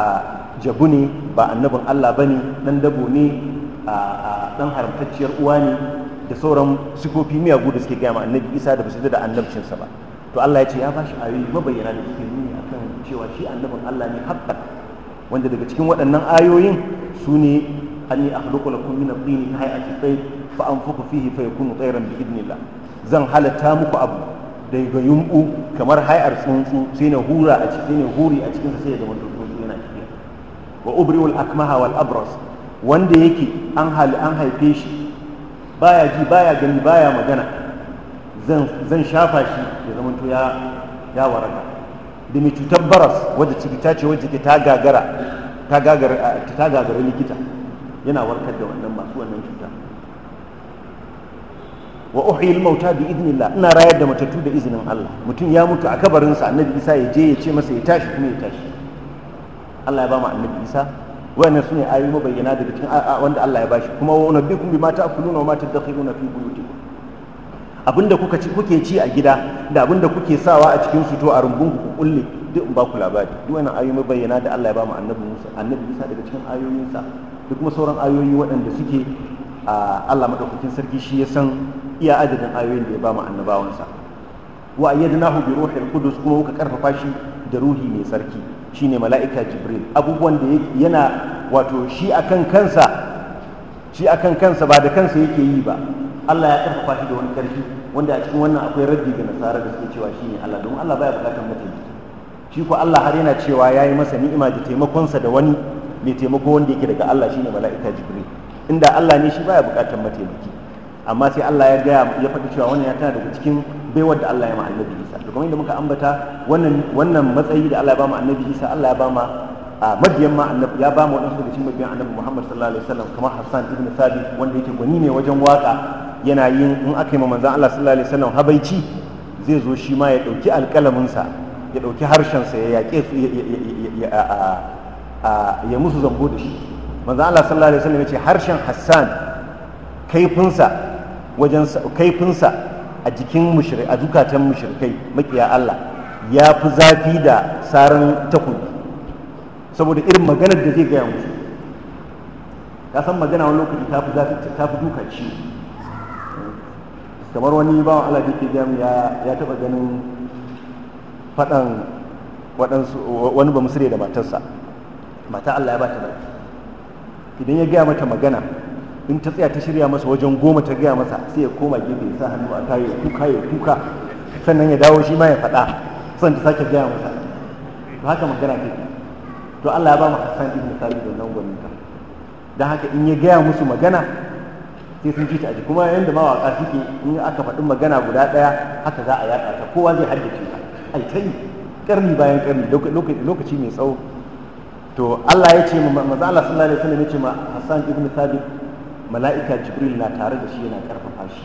jabu ne ba annabin allah ba ne ɗan dabo ne a ɗan haramtacciyar uwa ne da sauran sifofi miyagu da suke gaya annabi isa da basu da annabcinsa ba to allah ya ce ya ba shi ayoyi mabayyana da suke nuni akan cewa shi annabin allah ne haƙƙa wanda daga cikin waɗannan ayoyin su ne an yi akhluqu lakum min at-tin hay'ati fa anfuku fihi fa yakunu tsairan bi idnillah zan halatta muku abu daga yumbu kamar hayar tsuntsu sai na hura a cikin ne huri a cikin sai ya zama tsuntsu yana tafiya wa ubriul akmaha wal abras wanda yake an hal an haife shi baya ji baya gani baya magana zan zan shafa shi ya zama to ya ya waraka da mai cutar baras wadda cikita ce wadda ta gagara ta gagara likita yana warkar da wannan masu wannan cuta wa uhyi al-mauta bi idnillah ina rayar da matattu da izinin Allah mutum ya mutu a kabarin sa annabi Isa ya je ya ce masa ya tashi kuma ya tashi Allah ya ba mu annabi Isa wannan sune ayoyi mabayyana daga cikin wanda Allah ya bashi kuma wa nabbikum bima ta'kuluna wa ma tadakhiruna fi buyutikum abinda kuka ci kuke ci a gida da abinda kuke sawa a cikin su to a rumbun ku kulle duk in ba ku labari duk wannan ayoyi mabayyana da Allah ya ba mu annabi Musa annabi Isa daga cikin ayoyinsa duk kuma sauran ayoyi waɗanda suke Allah madaukakin sarki shi ya san iya adadin ayoyin da ya ba mu annabawansa wa ayyadnahu bi ruhil qudus kuma muka karfafa shi da ruhi mai sarki shine mala'ika jibril abubuwan da yana wato shi akan kansa shi akan kansa ba da kansa yake yi ba Allah ya karfafa shi da wani karfi wanda a cikin wannan akwai raddi ga nasara da suke cewa shine Allah don Allah baya bukatar mataimaki shi ko Allah har yana cewa yayi masa ni'ima da taimakonsa da wani mai taimako wanda yake daga Allah shine mala'ika jibril inda Allah ne shi baya bukatar mataimaki amma sai Allah ya gaya ya faɗi cewa wannan ya tana daga cikin baiwar da Allah ya ma annabi Isa to kamar inda muka ambata wannan wannan matsayi da Allah ya ba mu annabi Isa Allah ya ba mu a madiyan ma annabi ya ba mu wadansu daga cikin mabiyan annabi Muhammad sallallahu alaihi wasallam kamar Hassan ibn Sabit wanda yake gwani ne wajen waka yana yin in aka yi ma manzon Allah sallallahu alaihi wasallam habaici zai zo shi ma ya dauki alƙalamin sa ya dauki harshen sa ya yaƙe su ya musu zambo da shi manzon Allah sallallahu alaihi wasallam ya ce harshen Hassan kaifinsa wajen kaifinsa a jikin mushrik a zukatan mushrikai makiya Allah ya fi zafi da sarin takobi saboda irin maganar da zai gaya musu ka san magana wani lokaci ta fi zafi ta fi duka ci kamar wani bawan Allah da ke gaya ya taba ganin faɗan waɗansu wani ba musure da matarsa mata Allah ya ba ta idan ya gaya mata magana in ta tsaya ta shirya masa wajen goma ta gaya masa sai ya koma gefe ya sa hannu a tayo kuka ya kuka sannan ya dawo shi ma ya faɗa sannan ta sake gaya masa to haka magana ke, to Allah ya ba mu Hassan ibn Sabit da nan gwaninta dan haka in ya gaya musu magana sai sun ji ta aji kuma yanda mawaka suke in aka faɗi magana guda ɗaya haka za a yaɗa ta kowa zai haddace ta ai ta yi ƙarni bayan ƙarni lokaci mai tsawo to Allah ya ce ma manzo Allah sallallahu alaihi wasallam ya ce ma Hassan ibn Thabit mala'ika jibril na tare da shi yana karfafa shi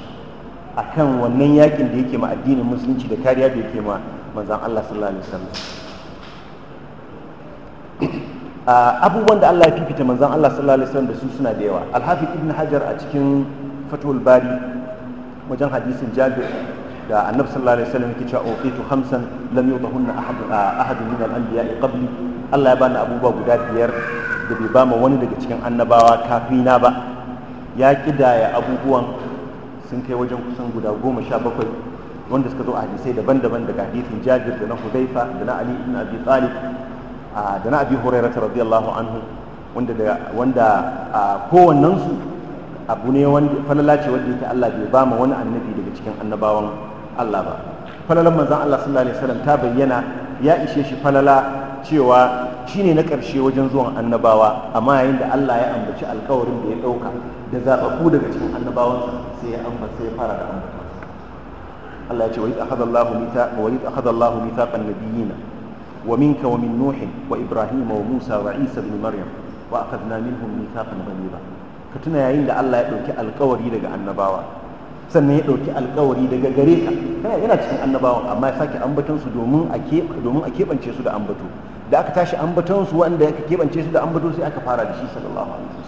a kan wannan yakin da yake ma addinin musulunci da kariya da yake ma manzan Allah sallallahu alaihi wasallam ah, abubuwan da Allah ya fifita manzan Allah sallallahu alaihi wasallam da su suna da yawa alhafi ibn hajar a cikin fatul bari wajen hadisin jabir da annabi sallallahu alaihi wasallam yake cewa uqitu khamsan lam yudahunna ahad ah, ahad min al-anbiya qabli Allah ya bani abubuwa guda biyar da bai bama wani daga cikin annabawa kafina ba ya kidaya abubuwan sun kai wajen kusan guda goma sha bakwai wanda suka zo a hadisai daban-daban daga hadisin jajir da na huzaifa da na ali ibn abi talib da na abi hurairah radiyallahu anhu wanda da wanda kowannen abu ne wanda falala ce wanda yake Allah bai ba ma wani annabi daga cikin annabawan Allah ba falalan manzon Allah sallallahu alaihi wasallam ta bayyana ya ishe shi falala cewa shine na ƙarshe wajen zuwan annabawa amma yayin da Allah ya ambaci alkawarin da ya ɗauka da zaɓaɓɓu daga cikin annabawansa sai ya amfa sai ya fara da ambata Allah ya ce wa idh akhadha Allahu mithaqa wa akhadha Allahu mithaqan wa minka wa min nuhin wa Ibrahim wa musa wa isa ibn maryam wa akhadna minhum mithaqan ghaliza ka tuna yayin da Allah ya ɗauki alƙawari daga annabawa sannan ya ɗauki alƙawari daga gare ka kana yana cikin annabawan amma ya sake ambaton su domin a domin a keɓance su da ambato da aka tashi ambaton su wanda ya keɓance su da ambato sai aka fara da shi sallallahu alaihi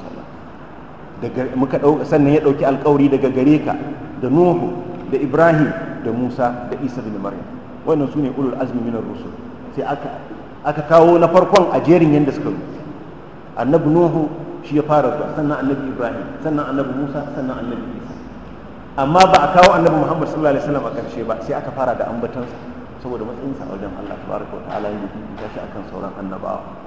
daga muka ɗauka sannan ya ɗauki alkawari daga gare ka da nuhu da ibrahim da musa da isa bin maryam wannan su ne ulul azmi minar rusul sai aka aka kawo na farkon a jerin yadda suka zo annabi nuhu shi ya fara zuwa sannan annabi ibrahim sannan annabi musa sannan annabi isa amma ba a kawo annabi muhammad sallallahu alaihi wasallam a karshe ba sai aka fara da ambatansa saboda matsayinsa a wajen allah tabaraka wa ta'ala yake shi akan sauran annabawa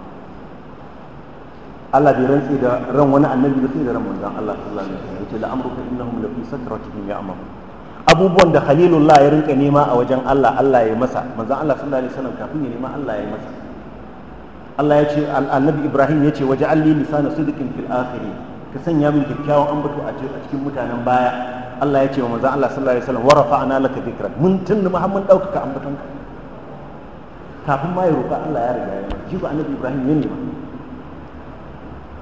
Allah bai rantsi da ran wani annabi ba sai da ran manzon Allah sallallahu alaihi wasallam yace innahum sakratihim abubuwan da khalilullah ya rinka nema a wajen Allah Allah ya masa manzon Allah sallallahu alaihi wasallam kafin ya nema Allah ya masa Allah ya ce annabi Ibrahim ya ce waje alli lisana sidqin fil akhirin ka sanya min kyakkyawan ambato a cikin mutanen baya Allah ya ce wa manzon Allah sallallahu alaihi wasallam wa laka dhikrak mun tunni Muhammad daukaka ambatonka kafin ma ya roƙa Allah ya riga ya ji ba annabi Ibrahim ya nema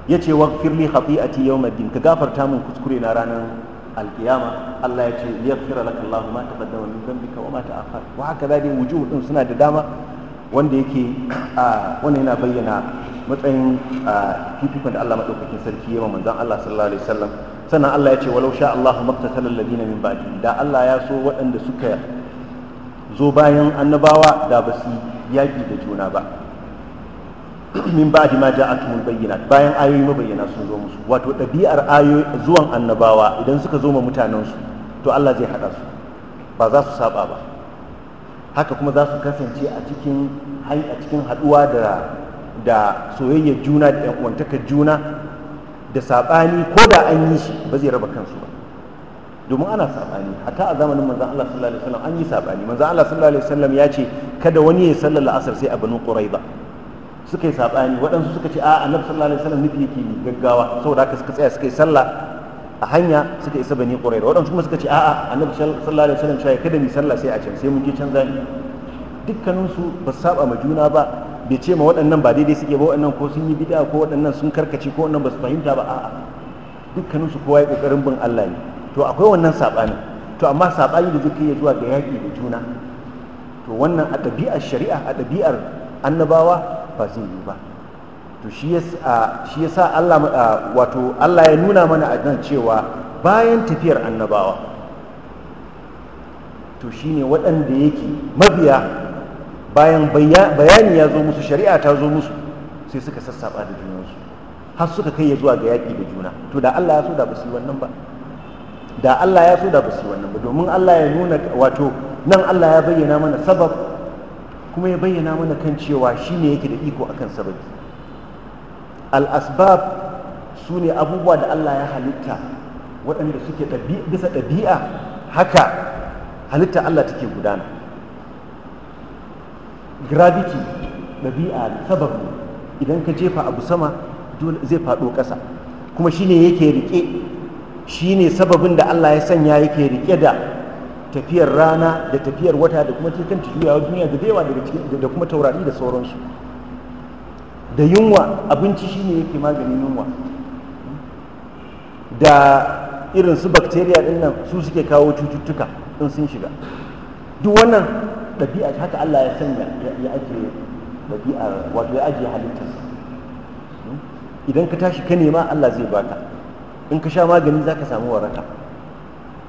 yace waghfir li khati'ati yawmiddin ka gafarta min kuskure na ranar alkiyama Allah ya ce yaghfira laka Allah ma taqaddama min dhanbika wa ma ta'akhkhar wa haka da dai wujuh suna da dama wanda yake a wani yana bayyana matsayin fifikon da Allah madaukakin sarki ya manzon Allah sallallahu alaihi wasallam sannan Allah ya ce walau sha Allahu maqtatal ladina min ba'di da Allah ya so waɗanda suka zo bayan annabawa da basu yaki da juna ba min ba'di ma ja'atuhum bayyana, bayan ayoyi mabayyana sun zo musu wato ɗabi'ar ayoyi zuwan annabawa idan suka zo ma mutanensu to Allah zai haɗa su ba za su saba ba haka kuma za su kasance a cikin a cikin da da soyayyar juna da uwantaka juna da saɓani ko da an yi shi ba zai raba kansu ba domin ana saɓani hatta a zamanin manzon Allah sallallahu alaihi wasallam an yi saɓani manzon Allah sallallahu alaihi wasallam ya ce kada wani ya sallar la'asar sai a banu ba. suka yi saɓani waɗansu suka ce a annabi sallallahu alaihi wasallam nufi yake gaggawa saboda haka suka tsaya suka yi sallah a hanya suka isa bani ƙuraira waɗansu kuma suka ce a'a annabi sallallahu alaihi wasallam cewa kada mu sallah sai a can sai mun je can zani dukkaninsu ba su saba ma juna ba bai ce ma waɗannan ba daidai suke ba waɗannan ko sun yi bid'a ko waɗannan sun karkace ko waɗannan ba su fahimta ba a'a dukkaninsu kowa ya ƙoƙarin bin Allah ne to akwai wannan saɓani, to amma saɓani da zai ya zuwa ga yaƙi da juna to wannan a ɗabi'ar shari'a a ɗabi'ar annabawa ba zai yi ba to shi ya sa Allah wato Allah ya nuna mana a nan cewa bayan tafiyar annabawa to shi ne waɗanda yake mabiya bayan bayani ya zo musu shari'a ta zo musu sai suka sassaɓa da junansu har suka kai ya zuwa ga yaƙi da juna to da Allah ya so da ba su yi wannan ba da Allah ya so da ba su yi wannan ba domin Allah ya nuna wato nan Allah ya bayyana mana sabab kuma ya bayyana mana kan cewa shi ne yake da iko akan sababi al'asbab su ne abubuwa da Allah ya halitta waɗanda suke bisa ɗabi'a haka halitta Allah take gudana gravity ɗabi'a sabab idan ka jefa abu sama zai faɗo ƙasa kuma shi ne yake rike shi ne sababin da Allah ya sanya yake rike da tafiyar rana da tafiyar wata da kuma cikin juyawar duniya da daewa daga cikin da kuma taurari da sauransu da yunwa abinci shine yake maganin yunwa da irin su bakteriya din nan su suke kawo cututtuka in sun shiga duk wannan ɗabi'a haka Allah ya sanya ya ajiye ɗabi'a wato ya ajiye halittarsa idan ka tashi ka nema Allah zai baka in ka sha magani za ka samu waraka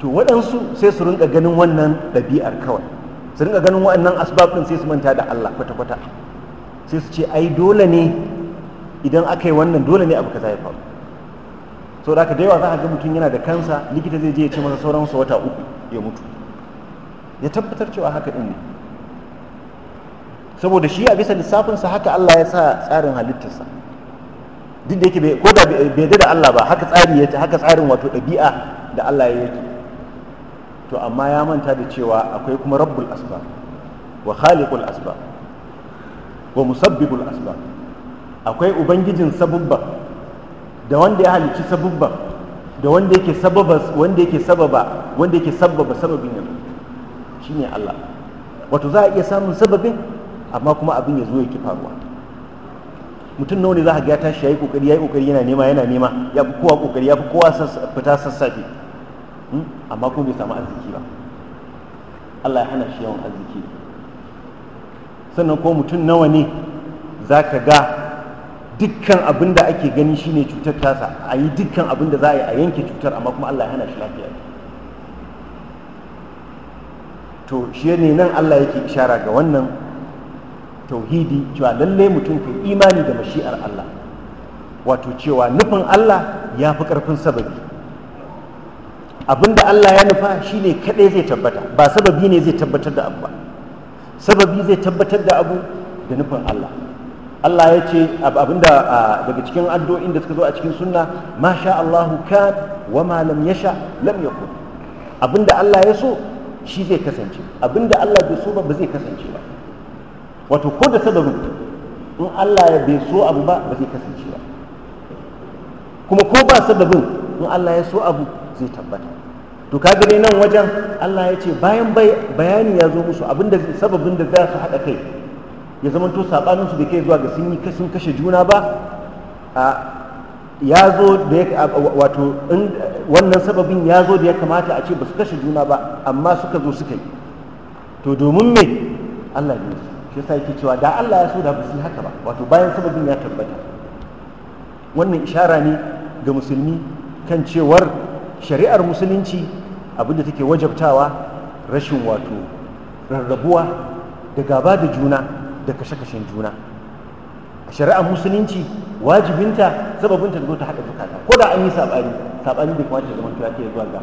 to waɗansu sai su rinka ganin wannan ɗabi'ar kawai su rinka ganin waɗannan asbab ɗin sai su manta da Allah kwata-kwata sai su ce ai dole ne idan aka yi wannan dole ne abu ka ya faru so da aka yawa za a ga mutum yana da kansa likita zai je ya ce masa sauran su wata uku ya mutu ya tabbatar cewa haka ɗin ne saboda shi a bisa lissafinsa haka Allah ya sa tsarin halittarsa duk da yake ko da bai da Allah ba haka tsari haka tsarin wato ɗabi'a da Allah ya yi to amma ya manta da cewa akwai kuma rabbul asba wa khaliqul asba wa musabbibul asba akwai ubangijin sabubba da wanda ya halici sabubba da wanda yake sababa wanda yake sababa wanda yake sababa sababin nan shine Allah wato za a iya samun sababin amma kuma abin ya zo ya ki faruwa mutum nawa ne za ka ga ya tashi yayi kokari yayi kokari yana nema yana nema ya fi kowa kokari ya fi kowa fita sassafe Hmm? amma kuma bai samu arziki ba Allah ya hana shi yawan arziki sannan ko mutum nawa ne za ka ga dukkan abin da ake gani shine cutar tasa a yi dukkan abin da za a yi a yanke cutar amma kuma Allah ya hana shi lafiya to shi ne nan Allah yake ishara ga wannan tauhidi cewa lallai mutum kai imani da mashi'ar Allah wato cewa nufin Allah ya fi ƙarfin sababi abinda Allah ya nufa shine kadai zai tabbata ba sababi ne zai tabbatar da abu ba sababi zai tabbatar da abu da nufin Allah Allah ya ce abinda daga cikin addu'o'in da suka zo a cikin sunna ma sha Allahu kan wa ma lam yasha lam yakun abinda Allah ya so shi zai kasance abinda Allah bai so ba ba zai kasance ba wato ko da sababin in Allah ya bai so abu ba ba zai kasance ba kuma ko ba sababin in Allah ya so abu zai tabbata to ka gani nan wajen Allah ya ce bayan bayani ya zo musu abinda sababin da za su haɗa kai ya zama to sabanin su da kai zuwa ga sun yi sun kashe juna ba a ya zo da ya wato wannan sababin ya zo da ya kamata a ce ba su kashe juna ba amma suka zo suka yi to domin me Allah ya yi shi sai ke cewa da Allah ya so da ba su yi haka ba wato bayan sababin ya tabbata wannan ishara ne ga musulmi kan cewar shari'ar musulunci abinda take wajabtawa rashin wato rarrabuwa da gaba da juna da kashe-kashen juna a shari'ar musulunci wajibinta sababinta da ta haɗa zukata ko da an yi saɓani saɓani da kuma ta zama ke zuwa ga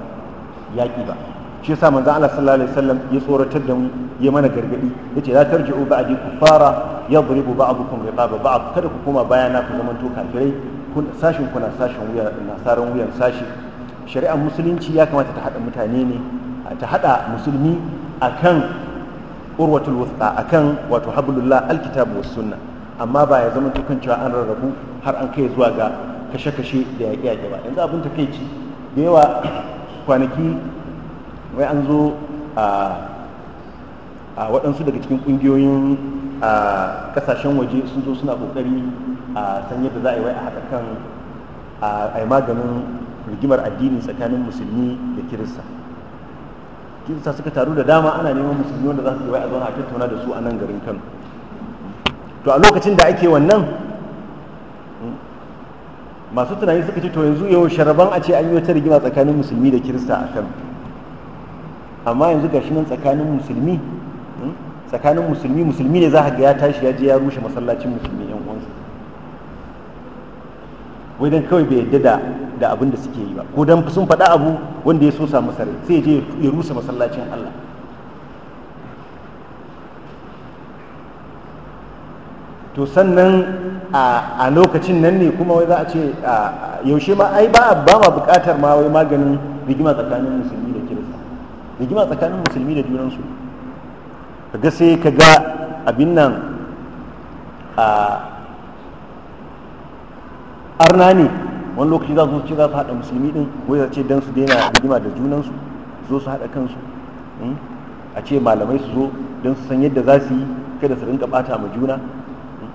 yaƙi ba shi yasa manzon Allah sallallahu alaihi wasallam ya tsoratar da mu ya mana gargadi yace la tarji'u ba'di kuffara yadribu ba'dukum riqaba ba kada ku koma bayana ku zamanto kafirai kun sashin kuna sashin wuya nasaran wuyan sashi shari'ar musulunci ya kamata ta haɗa mutane ne ta haɗa musulmi akan urwatul a akan wato habulullah alkitabu sunna amma ba ya zama tukan cewa an rarrabu har an kai zuwa ga kashe-kashe da yaƙe-yaƙe ba yanzu abin takaici da yawa kwanaki wai an zo a waɗansu daga cikin ƙungiyoyin a ƙasashen waje sun zo suna ƙoƙari a san yadda za a yi wai a haɗa kan a yi maganin rigimar addini tsakanin musulmi da kirista kirista suka taru da dama ana neman musulmi wanda za su wai a zauna a tattauna da su a nan garin kano to a lokacin da ake wannan hmm, masu tunani suka ce to yanzu yau sharaban a ce an yi wata rigima tsakanin musulmi da kirista a kano amma yanzu gashi nan tsakanin musulmi hmm, tsakanin musulmi musulmi ne za ka ga ya tashi ya je ya rushe masallacin musulmi yan uwansa wai dan kawai bai yadda da da abin da suke yi ba ko dan sun faɗa abu wanda ya so samu sare sai je ya rusa masallacin Allah to sannan a lokacin nan ne kuma wai za a ce yaushe ma ai ba ba ma bukatar ma wai maganin rigima tsakanin musulmi da kirista rigima tsakanin musulmi da junansu kaga sai ka ga abin nan a arna ne wani lokaci za su ce za su haɗa musulmi ɗin wai ce don su daina rigima da junansu zo su haɗa kansu hmm? a ce malamai su zo don su san yadda za su yi kada su rinka ɓata ma juna hmm?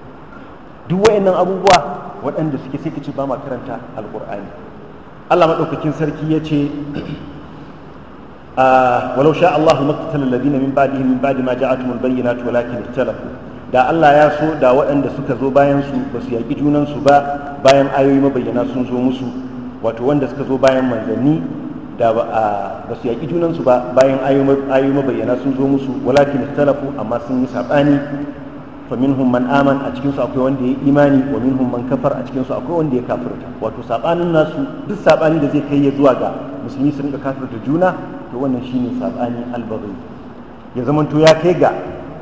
duk wayannan abubuwa waɗanda suke sai kace ba ma karanta alƙur'ani Allah maɗaukakin sarki ya ce ah, walau sha Allahu maqtala alladhina min ba'dihim min ba'di ma ja'atuhum al-bayyinatu walakin ikhtalafu da Allah ya so da waɗanda suka zo bayan su ba su yaƙi junansu ba bayan ayoyi mabayyana sun zo musu wato wanda suka zo bayan manzanni da ba su yaƙi junansu ba bayan ayoyi mabayyana sun zo musu walakin talafu amma sun yi saɓani fa minhum man aman a cikinsu akwai wanda ya imani wa minhum man kafar a cikinsu akwai wanda ya kafirta wato saɓanin nasu duk saɓani da zai kai ya zuwa ga musulmi sun rinka kafirta juna to wannan shine saɓani albabai ya zamanto ya kai ga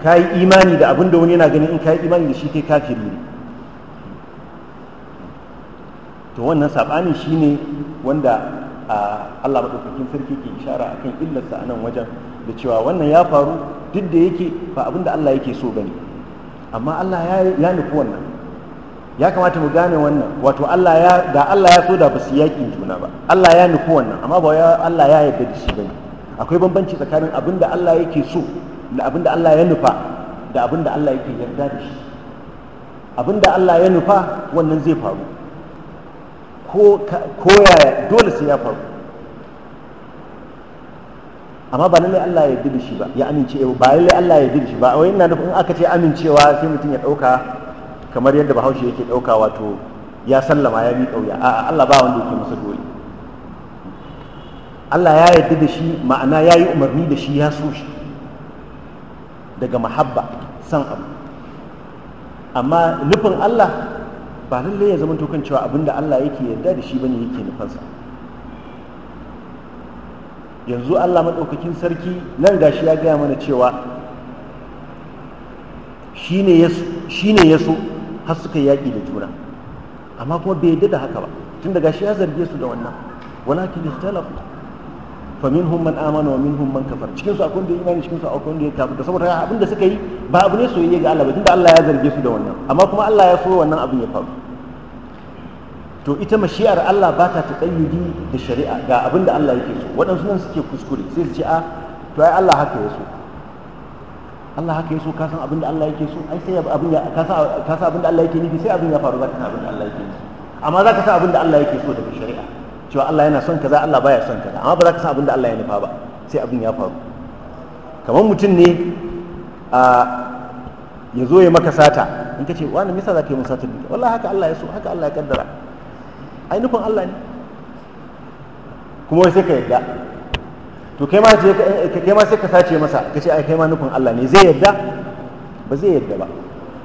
ka yi imani da abin da wani yana ganin in ka yi imani da shi kai kafiri ne to wannan saɓanin shi ne wanda Allah maɗaukakin sarki ke ishara akan illarsa a nan wajen da cewa wannan ya faru duk da yake ba abin da Allah yake so ba ne amma Allah ya nufi wannan ya kamata mu gane wannan wato Allah ya da Allah ya so da basu yakin juna ba Allah ya nufi wannan amma ba Allah ya yarda da shi bane akwai bambanci tsakanin abin da Allah yake so da abin da Allah ya nufa da abin da Allah yake yarda da shi abin da Allah ya nufa wannan zai faru ko yaya dole sai ya faru amma ba lallai Allah ya yarda da shi ba ya amince ba lallai Allah ya yarda da shi ba wai ina nufin aka ce amincewa sai mutum ya dauka kamar yadda Bahaushe yake dauka wato ya sallama ya bi kauya a'a Allah ba wanda yake masa dole Allah ya yarda da shi ma'ana ya yi umarni da shi ya so shi daga mahabba san abu amma nufin Allah ba lalle ya zama tokan cewa abinda Allah yake yarda da shi bane yake nufansa yanzu Allah maɗaukakin sarki nan gashi ya gaya mana cewa shi ne ya so har suka yaƙi da juna amma kuma bai yarda da haka ba tun da gashi ya zarge su da wannan walakin ikhtalafu fa minhum man amana wa minhum man kafar cikin su akwai da imani cikin su akwai da kafir da saboda abin da suka yi ba abu ne soyayya ga Allah ba tunda Allah ya zarge su da wannan amma kuma Allah ya so wannan abin ya faru to ita mashi'ar Allah ba ta taƙayyudi da shari'a ga abin da Allah yake so waɗansu nan suke kuskure sai su ce a ah, to ai Allah haka ya so Allah haka ya so ka san abin da Allah yake so ai sai abin ya ka san abin da Allah yake nufi sai abin ya faru zaka san abin da Allah yake nufi amma zaka san abin da Allah yake so daga shari'a cewa Allah yana son kaza Allah baya son kaza amma ba za ka san abin da Allah ya nufa ba sai abin ya faru kamar mutum ne a ya zo ya maka sata in ka ce wani misa za ka yi mun sata duka wallahi haka Allah ya so haka Allah ya kaddara ai nufin Allah ne kuma sai ka yadda to kai ma kai ma sai ka sace masa ka ce ai kai ma nufin Allah ne zai yadda ba zai yadda ba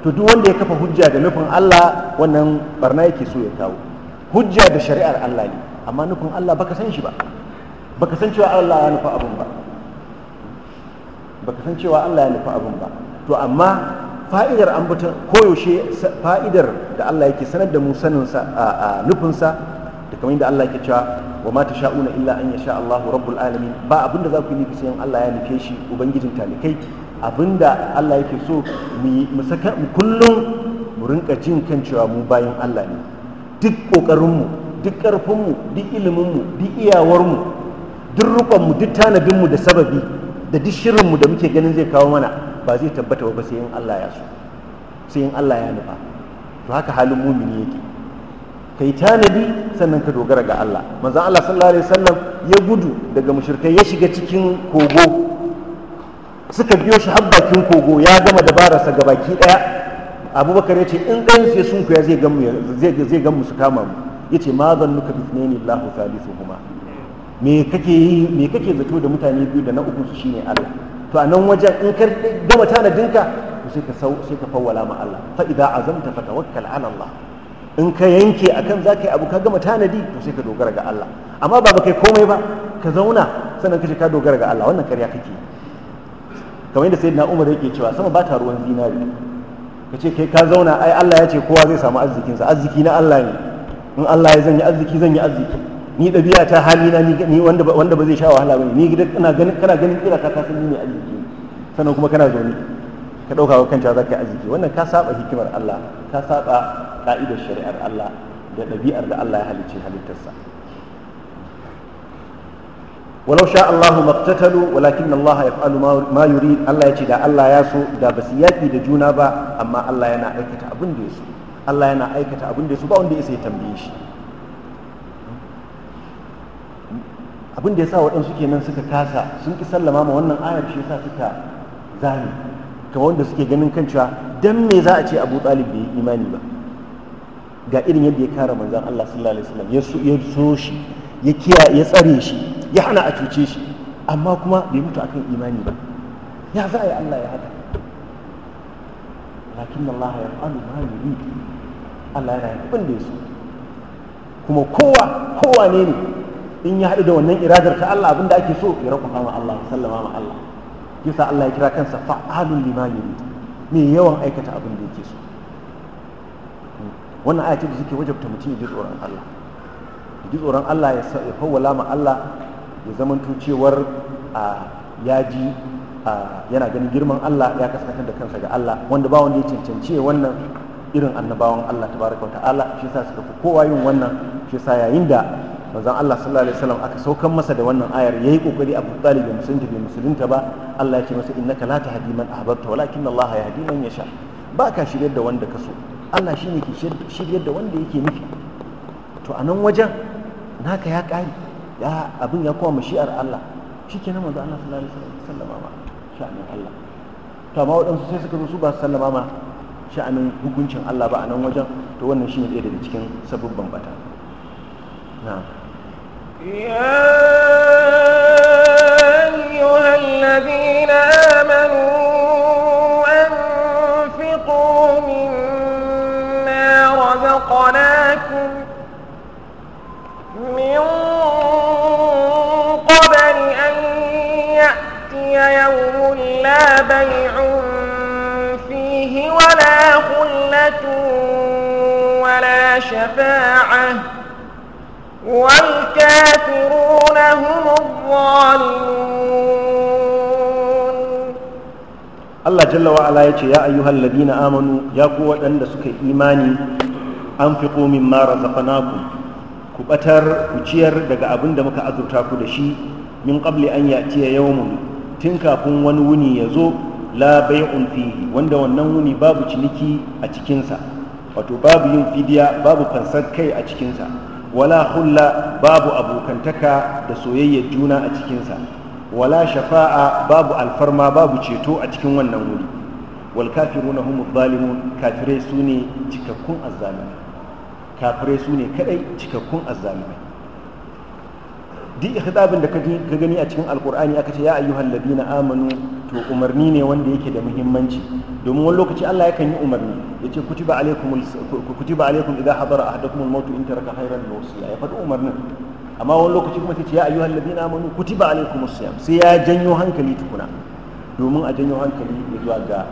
to duk wanda ya kafa hujja da nufin Allah wannan barna yake so ya kawo hujja da shari'ar Allah ne amma nufin Allah baka san shi ba baka san cewa Allah ya nufa abin ba baka san cewa Allah ya nufa abin ba to amma fa'idar ko koyaushe fa'idar da Allah yake sanar da mu saninsa a nufinsa da kamar yadda Allah yake cewa wa ma tasha'una illa an yasha Allahu rabbul alamin ba da za ku yi nufi sai Allah ya nufe shi ubangijin talikai da Allah yake so mu saka kullum mu rinka jin kan cewa mu bayan Allah ne duk kokarin mu duk ƙarfinmu duk iliminmu duk iyawarmu duk rukonmu duk tanadinmu da sababi da duk shirinmu da muke ganin zai kawo mana ba zai tabbata ba sai in Allah ya so sai in Allah ya nufa to haka halin mumini yake kai tanadi sannan ka dogara ga Allah manzon Allah sallallahu alaihi wasallam ya gudu daga mushrikai ya shiga cikin kogo suka biyo shi har bakin kogo ya gama dabararsa ga baki daya abubakar ya ce in ɗansu ya sunkuya zai gamu su kama mu Ya ma zan nuka ithnaini ne salisuhuma Salisu kake me kake zato da mutane biyu da na uku su shine Allah to a nan wajen in ka gama dinka to sai ka sau sai ka fawwala ma Allah fa idza azamta tawakkal ala Allah in ka yanke akan zaka yi abu ka gama tanadi to sai ka dogara ga Allah amma ba ba kai komai ba ka zauna sannan ka ce ka dogara ga Allah wannan karya kake kamar yadda sayyidina Umar yake cewa sama ba ta ruwan zinari ka ce kai ka zauna ai Allah ya ce kowa zai samu arzikinsa arziki na Allah ne in Allah ya zanya arziki zan yi arziki ni ɗabi'a ta hali na ni wanda wanda ba zai sha wahala bane ni gidan kana ganin kana ganin kira ka san ni ne arziki sannan kuma kana zaune ka dauka wa kanta zaka arziki wannan ka saba hikimar Allah ka saba ka'idar shari'ar Allah da ɗabi'ar da Allah ya halicce halittarsa ولو شاء الله ما اقتتلوا ولكن الله يفعل ما يريد الله يجي دا الله ياسو دا بس يأتي دا جونا با أما الله ينا أكتا أبن ديسو Allah yana aikata abin da su ba wanda ya sai tambaye shi abin da ya sa waɗansu kenan suka kasa sun ki sallama ma wannan ayar shi yasa suka zane kamar wanda suke ganin kan cewa dan me za a ce Abu Talib bai yi imani ba ga irin yadda ya kare manzon Allah sallallahu alaihi wasallam ya so shi ya kiya ya tsare shi ya hana a cuce shi amma kuma bai mutu akan imani ba ya za a yi Allah ya haka lakin Allah ya ma Allah yana yi da su, kuma kowa kowa ne ne in ya haɗu da wannan iradar ta Allah abin da ake so ya rakufa ma Allah sallama ma Allah yasa Allah ya kira kansa fa'alun lima ne me yawan aikata abin da yake so wannan aya da suke wajabta mutum ya ji tsoron Allah ya ji tsoron Allah ya fawwala ma Allah ya zamanto cewar ya ji yana ganin girman Allah ya kasance da kansa ga Allah wanda ba wanda ya cancanci wannan irin annabawan Allah tabaraka ta'ala shi yasa suka fi kowa yin wannan shi yasa yayin da manzon Allah sallallahu alaihi wasallam aka saukan masa da wannan ayar yayi kokari Abu Talib da musulunta bai musulunta ba Allah ya ce masa innaka la tahdi man ahbabta walakin Allah yahdi man yasha ba ka shiryar da wanda ka so Allah shine ke shiryar da wanda yake nufi to a nan wajen naka ya ƙari ya abin ya koma shi'ar Allah shi ke nan manzo Allah sallallahu alaihi wasallam ba sha'anin Allah to amma waɗansu sai suka zo su ba sallama ma sha'anin hukuncin Allah ba a nan wajen to wannan shine ɗaya daga cikin sabubban bata يا من قبل أن يأتي يوم لا بيع ولا خلة ولا شفاعة والكافرون هم الظالمون الله جل وعلا يقول يا أيها الذين آمنوا يا قوة أن سك إيماني أنفقوا مما رزقناكم كبتر كتير دقاء بندمك أذرتاك أذرتاكو دشي من قبل أن يأتي يوم تنكا كون ونوني يزوب la bai'un fihi wanda wannan wuni babu ciniki a cikinsa wato babu yin fidiya babu fansar kai a cikinsa wala hulla babu abokantaka da soyayyar juna a cikinsa wala shafa'a babu alfarma babu ceto a cikin wannan wuri wal kafiruna hum zalimun kafirai sune cikakkun azzalimai kafirai sune kadai cikakkun azzalimai duk ihtabin da ka gani a cikin alqur'ani aka ce ya ayyuhal ladina amanu to umarni ne wanda yake da muhimmanci domin wani lokaci Allah yakan yi umarni ya ce kutiba alaikum kutiba alaikum idza hadara ahadakum al-maut in taraka khayran al-wasiya ya faɗi umarnin amma wani lokaci kuma ce ya ayyuhal ladina amanu kutiba alaikum as-siyam sai ya janyo hankali tukuna domin a janyo hankali ya zuwa ga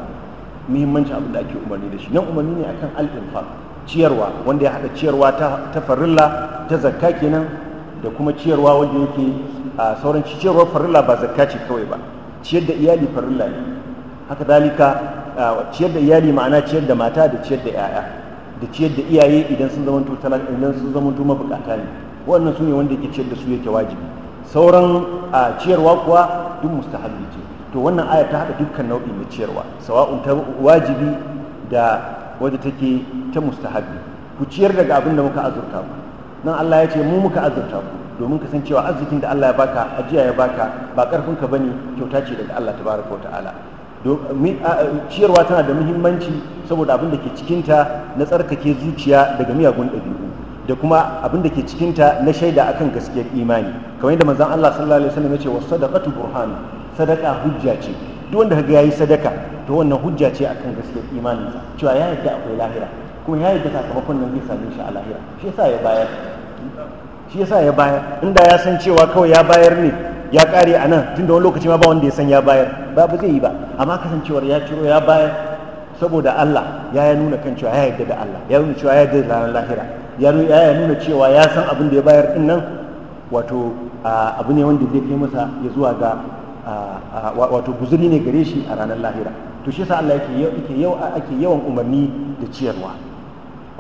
muhimmancin abin da ake umarni da shi nan umarni ne akan al-infaq ciyarwa wanda ya haɗa ciyarwa ta farilla ta zakka kenan da kuma ciyarwa wanda yake a sauran ciyarwar farilla ba zakka ce kawai ba ciyar da iyali farilla ne haka dalika ciyar da iyali ma'ana ciyar da mata da ciyar da 'ya'ya da ciyar da iyaye idan sun zamanto idan sun mabukata ne wannan su ne wanda yake ciyar da su yake wajibi sauran ciyarwa kuwa duk mustahab'i ce to wannan aya ta haɗa dukkan nau'i na ciyarwa sawa'un ta wajibi da wadda take ta mustahab'i ku ciyar daga abin da muka azurta ku nan Allah ya ce mu muka azurta ku domin ka san cewa arzikin da Allah ya baka ajiya ya baka ba karfin ka bane kyauta ce daga Allah tabaraka wa ta'ala ciyarwa tana da muhimmanci saboda abin da ke cikinta na tsarkake zuciya daga miyagun ɗabi'u da kuma abin da ke cikinta na shaida akan gaskiyar imani kamar yadda manzon Allah sallallahu alaihi wasallam ya ce was sadaqatu burhan sadaqa hujja ce duk wanda kaga yayi sadaka to wannan hujja ce akan gaskiyar imani cewa ya yadda akwai lahira kuma ya yadda sakamakon nan zai same shi a lahira shi yasa ya bayar shi yasa ya bayar inda ya san cewa kawai ya bayar ne ya kare a nan tun da wani lokaci ma ba wanda ya san ya bayar ba ba zai yi ba amma kasancewar ya ciro ya bayar saboda Allah ya ya nuna kan cewa ya yarda da Allah ya nuna cewa ya yarda da ranar lahira ya nuna cewa ya san abin da ya bayar din nan wato abu ne wanda zai kai masa ya zuwa ga wato guzuri ne gare shi a ranar lahira to shi yasa Allah yake yau ake yawan umarni da ciyarwa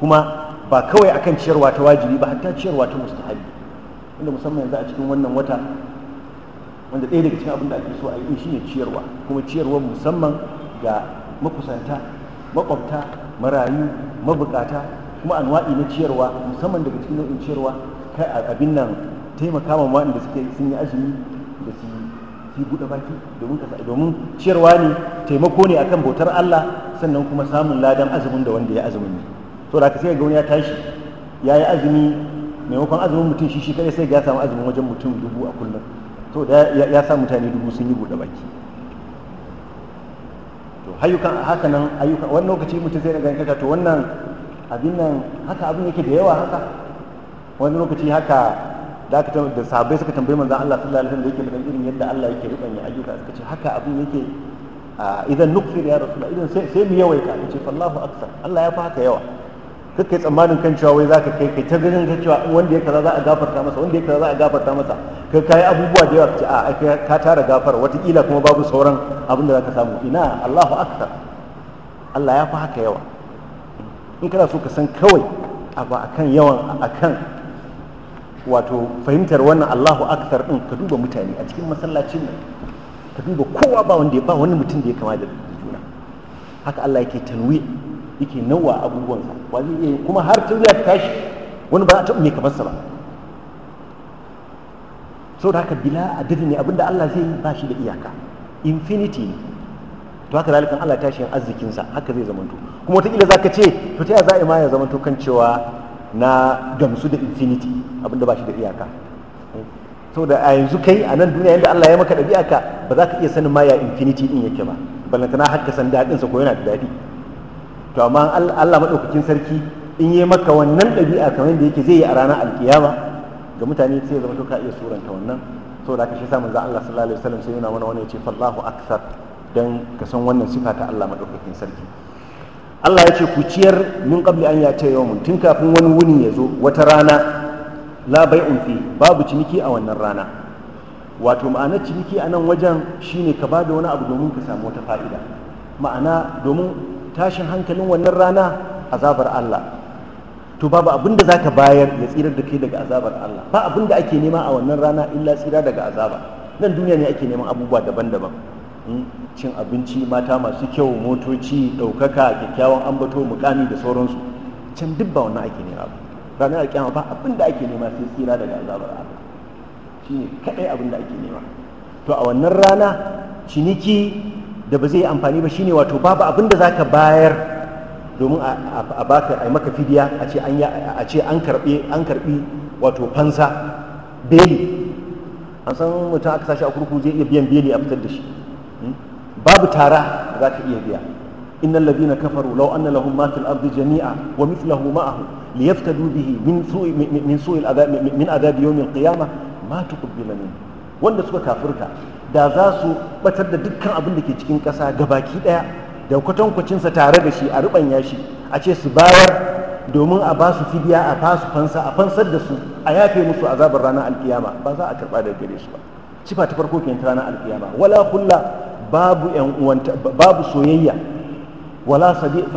kuma ba kawai akan ciyarwa ta wajibi ba hatta ciyarwa ta mustahabi inda musamman yanzu a cikin wannan wata wanda ɗaya daga cikin abin da ake so a yi shine ciyarwa kuma ciyarwa musamman ga makusanta makwabta marayu mabukata kuma anwa'i na ciyarwa musamman daga cikin nau'in ciyarwa kai abin nan taimaka ma da suke sun yi azumi da su yi buɗe baki domin ka domin ciyarwa ne taimako ne akan bautar Allah sannan kuma samun ladan azumin da wanda ya azumin ne so da sai ga wani ya tashi ya yi azumi maimakon azumin mutum shi shi kare sai ga ya samu azumin wajen mutum dubu a kullum to da ya sa mutane dubu sun yi buɗe baki to ayyukan haka nan ayyukan wani lokaci mutum zai daga kaka to wannan abin nan haka abin yake da yawa haka wani lokaci haka da aka da sabai suka tambayi manzon Allah sallallahu alaihi wasallam da yake da irin yadda Allah yake rubanya ayyuka suka ce haka abin yake idan nukfir ya rasulullah idan sai mu yawaita ce fallahu akthar Allah ya fi haka yawa kai tsammanin kan cewa wai zaka kai kai ta ganin ka cewa wanda ya kaza za a gafarta masa wanda ya kaza za a gafarta masa kai kai abubuwa da yawa ka ce a ka tara gafar kila kuma babu sauran abin da zaka samu ina Allahu akbar Allah ya fi haka yawa in kana so ka san kawai abu akan yawan akan wato fahimtar wannan Allahu akbar din ka duba mutane a cikin masallacin nan ka duba kowa ba wanda ba wani mutum da ya kama da juna haka Allah yake tanwi yake nawa abubuwansa ba zai iya kuma har ta zai tashi wani ba a taɓa mai sa ba da haka bila adadi ne abinda Allah zai yi ba shi da iyaka infinity ne to haka zalikan Allah tashi yin arzikinsa haka zai to kuma wataƙila za zaka ce to ta za a ma ya to kan cewa na gamsu da infinity abinda ba shi da iyaka da a yanzu kai a nan duniya yadda Allah ya maka dabi'a ka ba za ka iya sanin ma ya infinity din yake ba ballantana har ka san daɗinsa ko yana da daɗi to amma Allah maɗaukakin sarki in yi maka wannan ɗabi'a kamar yadda yake zai yi a ranar alkiyama ga mutane sai zama to ka iya suranta wannan saboda haka shi samun manzo Allah sallallahu alaihi wasallam sai yana mana wani yace fallahu akthar dan ka san wannan sifa ta Allah maɗaukakin sarki Allah ya ce ku ciyar min qabli an yata yawmun tun kafin wani wuni ya zo wata rana la bai'un fi babu ciniki a wannan rana wato ma'anar ciniki a nan wajen shine ka ba da wani abu domin ka samu wata fa'ida ma'ana domin tashin hankalin wannan rana azabar Allah to babu abin da zaka bayar ya tsirar da kai daga azabar Allah ba abin da ake nema a wannan rana illa tsira daga azaba nan duniya ne ake neman abubuwa daban-daban hmm? cin abinci mata masu kyau motoci ɗaukaka kyakkyawan ambato mukami da sauransu can duk ba wannan ake nema ba ranar alkiyama ba abin da ake nema sai tsira daga azabar Allah shine kadai abin da ake nema to a wannan rana ciniki da ba zai yi amfani ba shine wato babu abin da zaka bayar domin a baka a maka fidiya a ce an a ce an karbe an karbi wato fansa beli an san mutum aka sashi a kurkuku zai iya biyan beli a fitar da shi hmm? babu tara za ka iya biya إن الذين كفروا لو أن لهم ما في الأرض جميعا ومثله معه ليفتدوا به من سوء من سوء العذاب من عذاب يوم القيامة ما تقبل منه وأن سوى كافرك da za su batar da dukkan abin da ke cikin ƙasa gabaki ɗaya da kwatankwacinsa tare da shi a ruɓanya shi a ce su bayar domin a ba su fidiya a ba su fansa a fansar da su a yafe musu azabar ranar alkiyama ba za a karɓa daga gare su ba sifa ta farko kenan ta ranar alkiyama wala kulla babu yan uwanta babu soyayya wala sadiq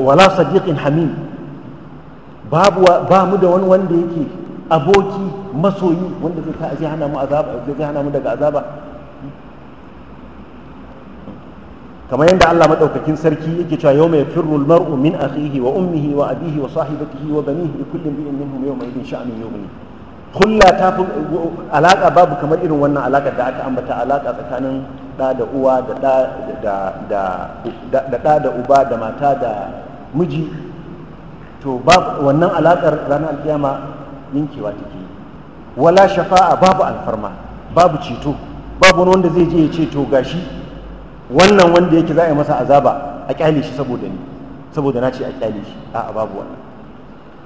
wala sadiqin hamim babu ba mu da wani wanda yake aboki masoyi wanda zai ta hana mu azaba zai hana mu daga azaba kamar yadda Allah madaukakin sarki yake cewa yawma yafirru almar'u min akhihi wa ummihi wa abihi wa sahibatihi wa banihi kullu bi'in minhum yawma idin sha'nun yughni kulla ta fi alaka babu kamar irin wannan alaka da aka ambata alaka tsakanin da da uwa da da da da da da uba da mata da miji to babu wannan alakar ranar alkiyama ninkewa take yi wala shafa'a babu alfarma babu ceto babu wani wanda zai je ya ce to gashi wannan wanda yake za a yi masa azaba a kyale shi saboda ni saboda na ce a kyale shi a'a babu wannan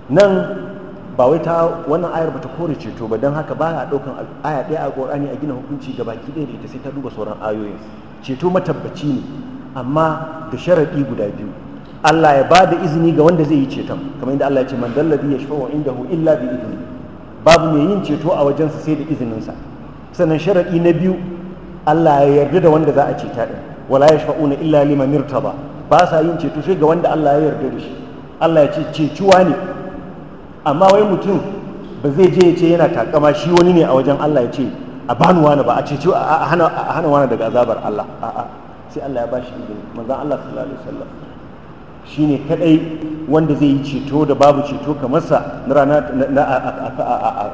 nan ba wai ta wannan ayar ba ta kore ceto ba don haka ba a ɗaukan aya ɗaya a ƙorani a gina hukunci ga baki ɗaya da ita sai ta duba sauran ayoyin ceto matabbaci ne amma da sharaɗi guda biyu Allah ya bada izini ga wanda zai yi ceton kamar inda Allah ya ce man wa inda hu illa bi idni babu mai yin ceto a wajensa sai da izininsa sannan sharadi na biyu Allah ya yarda da wanda za a ceta din wala ya una illa liman murtaba, ba sa yin ceto sai ga wanda Allah ya yarda da shi Allah ya ce cecuwa ne amma wai mutum ba zai je ya ce yana takama shi wani ne a wajen Allah ya ce a bani wani ba a ceci a hana wani daga azabar Allah a'a sai Allah ya bashi izini manzon Allah sallallahu alaihi wasallam Shi ne kadai wanda zai yi ceto da babu ceto kamar sa na rana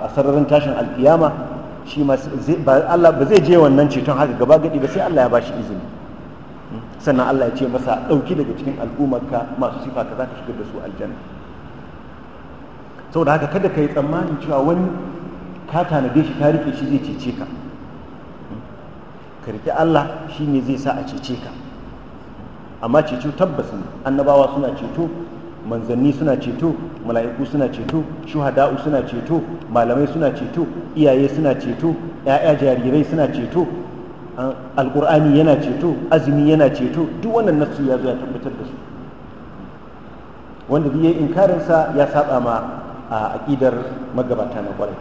a sararin tashin alkiyama shi Allah ba zai je wannan ceton haka gaba gadi ba sai Allah ya bashi izini sannan Allah ya ce masa dauki daga cikin al'ummarka masu sifa ka za ka shigar da su aljanna saboda haka kada ka yi tsammanin cewa wani ka tanade shi ka rike shi zai cece ka ka rike Allah shi ne zai sa a cece ka amma ceto tabbas ne annabawa suna ceto manzanni suna ceto mala'iku suna ceto shuhada'u suna ceto malamai suna ceto iyaye suna ceto ya'ya jarirai suna ceto alkur'ani yana ceto azumi yana ceto duk wannan nasu ya zo ya tabbatar da su wanda duk yayi inkarinsa ya saba ma a akidar magabata na kwarai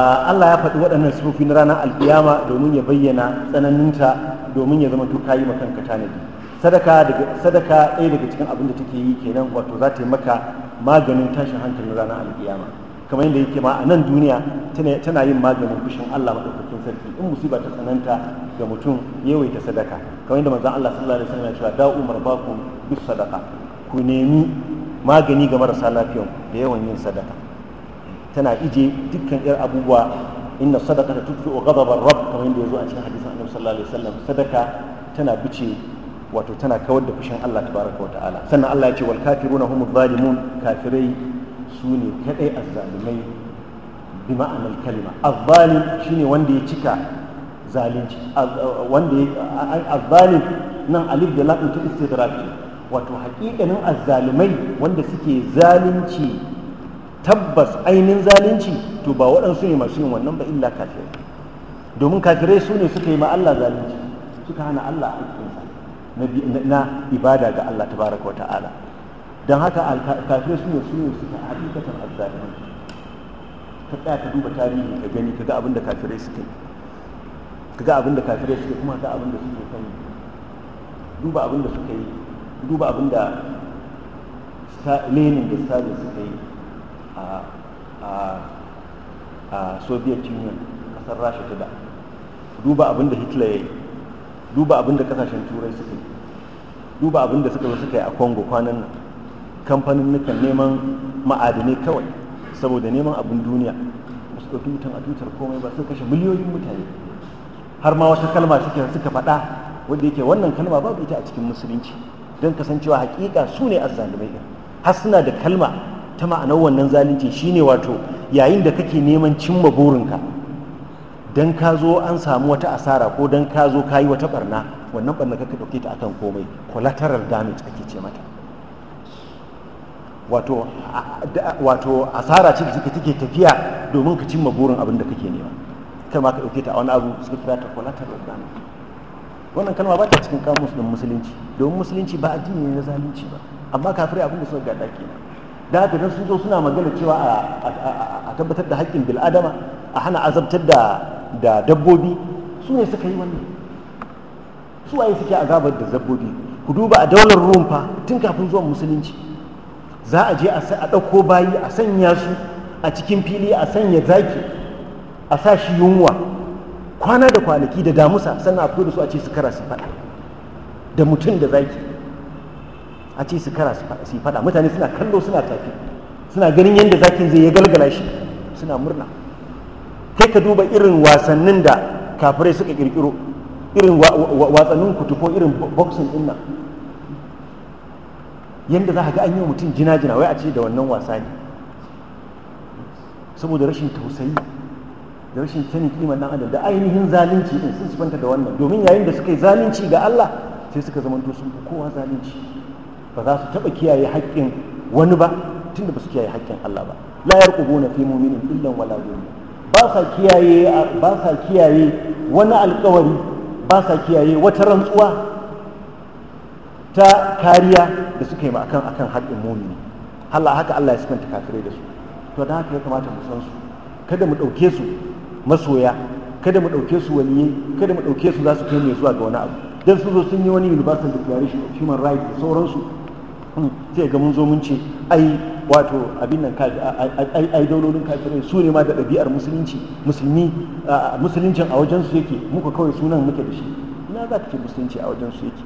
Allah ya faɗi waɗannan sufofi na ranar alkiyama domin ya bayyana tsananinta domin ya zama tuka yi makanka tanadi sadaka daga sadaka ɗaya daga cikin abin da take yi kenan wato za ta yi maka maganin tashin hankalin ranar alkiyama kamar yadda yake ma a nan duniya tana yin maganin fushin Allah maɗaukakin sarki in musiba ta tsananta ga mutum ta sadaka kamar yadda manzon Allah sallallahu alaihi wasallam ya ce ba ku bis sadaka ku nemi magani ga marasa lafiyan da yawan yin sadaka tana ije dukkan yar abubuwa inna sadaka ta tutfi'u ghadabar rabb kamar yadda ya zo a cikin hadisin annabi sallallahu alaihi wasallam sadaka tana bice wato tana kawar da fushin Allah tabaraka wa ta'ala sannan Allah ya ce wal kafiruna humuz zalimun kafirai su ne kadai azzalimai bi ma'anar kalima azzalim shine wanda ya cika zalunci wanda ya azzalim nan alif da lam ta istidrak wato haƙiƙanin azzalimai wanda suke zalunci tabbas ainihin zalunci to ba waɗansu ne masu yin wannan ba illa kafirai domin kafirai su ne suka yi ma Allah zalunci suka hana Allah haƙƙinsa na ibada ga Allah tabaraka wa ta'ala don haka kafirai su ne su ne suka hakikatan azzalimin ka tsaya ka duba tarihi ka gani ka ga abin da kafirai suka yi ka ga abin da kafirai suka kuma ga abin da suke kai duba abin da suka yi duba abin da lenin da stalin suka yi a soviet union kasar rasha ta da duba abin da hitler ya yi duba abin da kasashen turai suka yi duba abin da suka zo suka yi a congo kwanan nan kamfanin nukan neman ma'adanai kawai saboda neman abin duniya su ɗauki wutan a tutar komai ba sun kashe miliyoyin mutane har ma wata kalma suke suka faɗa wadda yake wannan kalma babu ita a cikin musulunci don kasancewa hakika su ne azzalimai har suna da kalma ta ma'anar wannan zalunci shine wato yayin da kake neman cimma burinka don ka zo an samu wata asara ko don ka zo ka yi wata barna wannan barna ka dauke ta akan komai collateral damage ake ce mata wato wato asara ce da take tafiya domin ka cimma burin abin da kake nema kai ma ka dauke ta a wani abu suka kira ta collateral damage wannan kalma ba ta cikin kamus din musulunci domin musulunci ba addini ne na zalunci ba amma kafirai abin da suka gada kenan da haka sun zo suna magana cewa a tabbatar da haƙƙin bil'adama a hana azabtar da dabbobi su ne suka yi wannan su waye suke azabar da dabbobi ku duba a daular rum fa tun kafin zuwa musulunci za a je a ɗauko bayi a sanya su a cikin fili a sanya zaki a sa shi yunwa kwana da kwanaki da damusa sannan a fito da su a ce su kara su faɗa da mutum da zaki a ce su kara su fada mutane suna kallo suna tafi suna ganin yadda zakin zai ya galgala shi suna murna kai ka duba irin wasannin da kafirai suka kirkiro irin watsannin kutufo irin boxing din nan yadda za ka ga an yi mutum jina-jina wai a ce da wannan wasa ne saboda rashin tausayi da rashin sanin kiman dan adam da ainihin zalunci din sun sifanta da wannan domin yayin da suka yi zalunci ga Allah sai suka zamanto sun fi kowa zalunci ba za su taɓa kiyaye haƙƙin wani ba tunda ba su kiyaye haƙƙin Allah ba la yarqubuna fi mu'minin illan wala dhulma ba sa kiyaye ba sa kiyaye wani alƙawari ba sa kiyaye wata rantsuwa ta kariya da suka yi ma akan akan haƙƙin mu'mini Allah haka Allah ya sifanta kafirai da su to da haka ya kamata mu san su kada mu ɗauke su masoya kada mu ɗauke su waliyai kada mu ɗauke su za su kai mai zuwa ga wani abu dan su zo sun yi wani universal declaration of human rights da sauransu sai ga mun zo mun ce ai wato abin nan ai daulolin kafirai su ne ma da ɗabi'ar musulunci musulmi musuluncin a wajen su yake muka kawai sunan muke da shi ina za ka ce musulunci a wajen su yake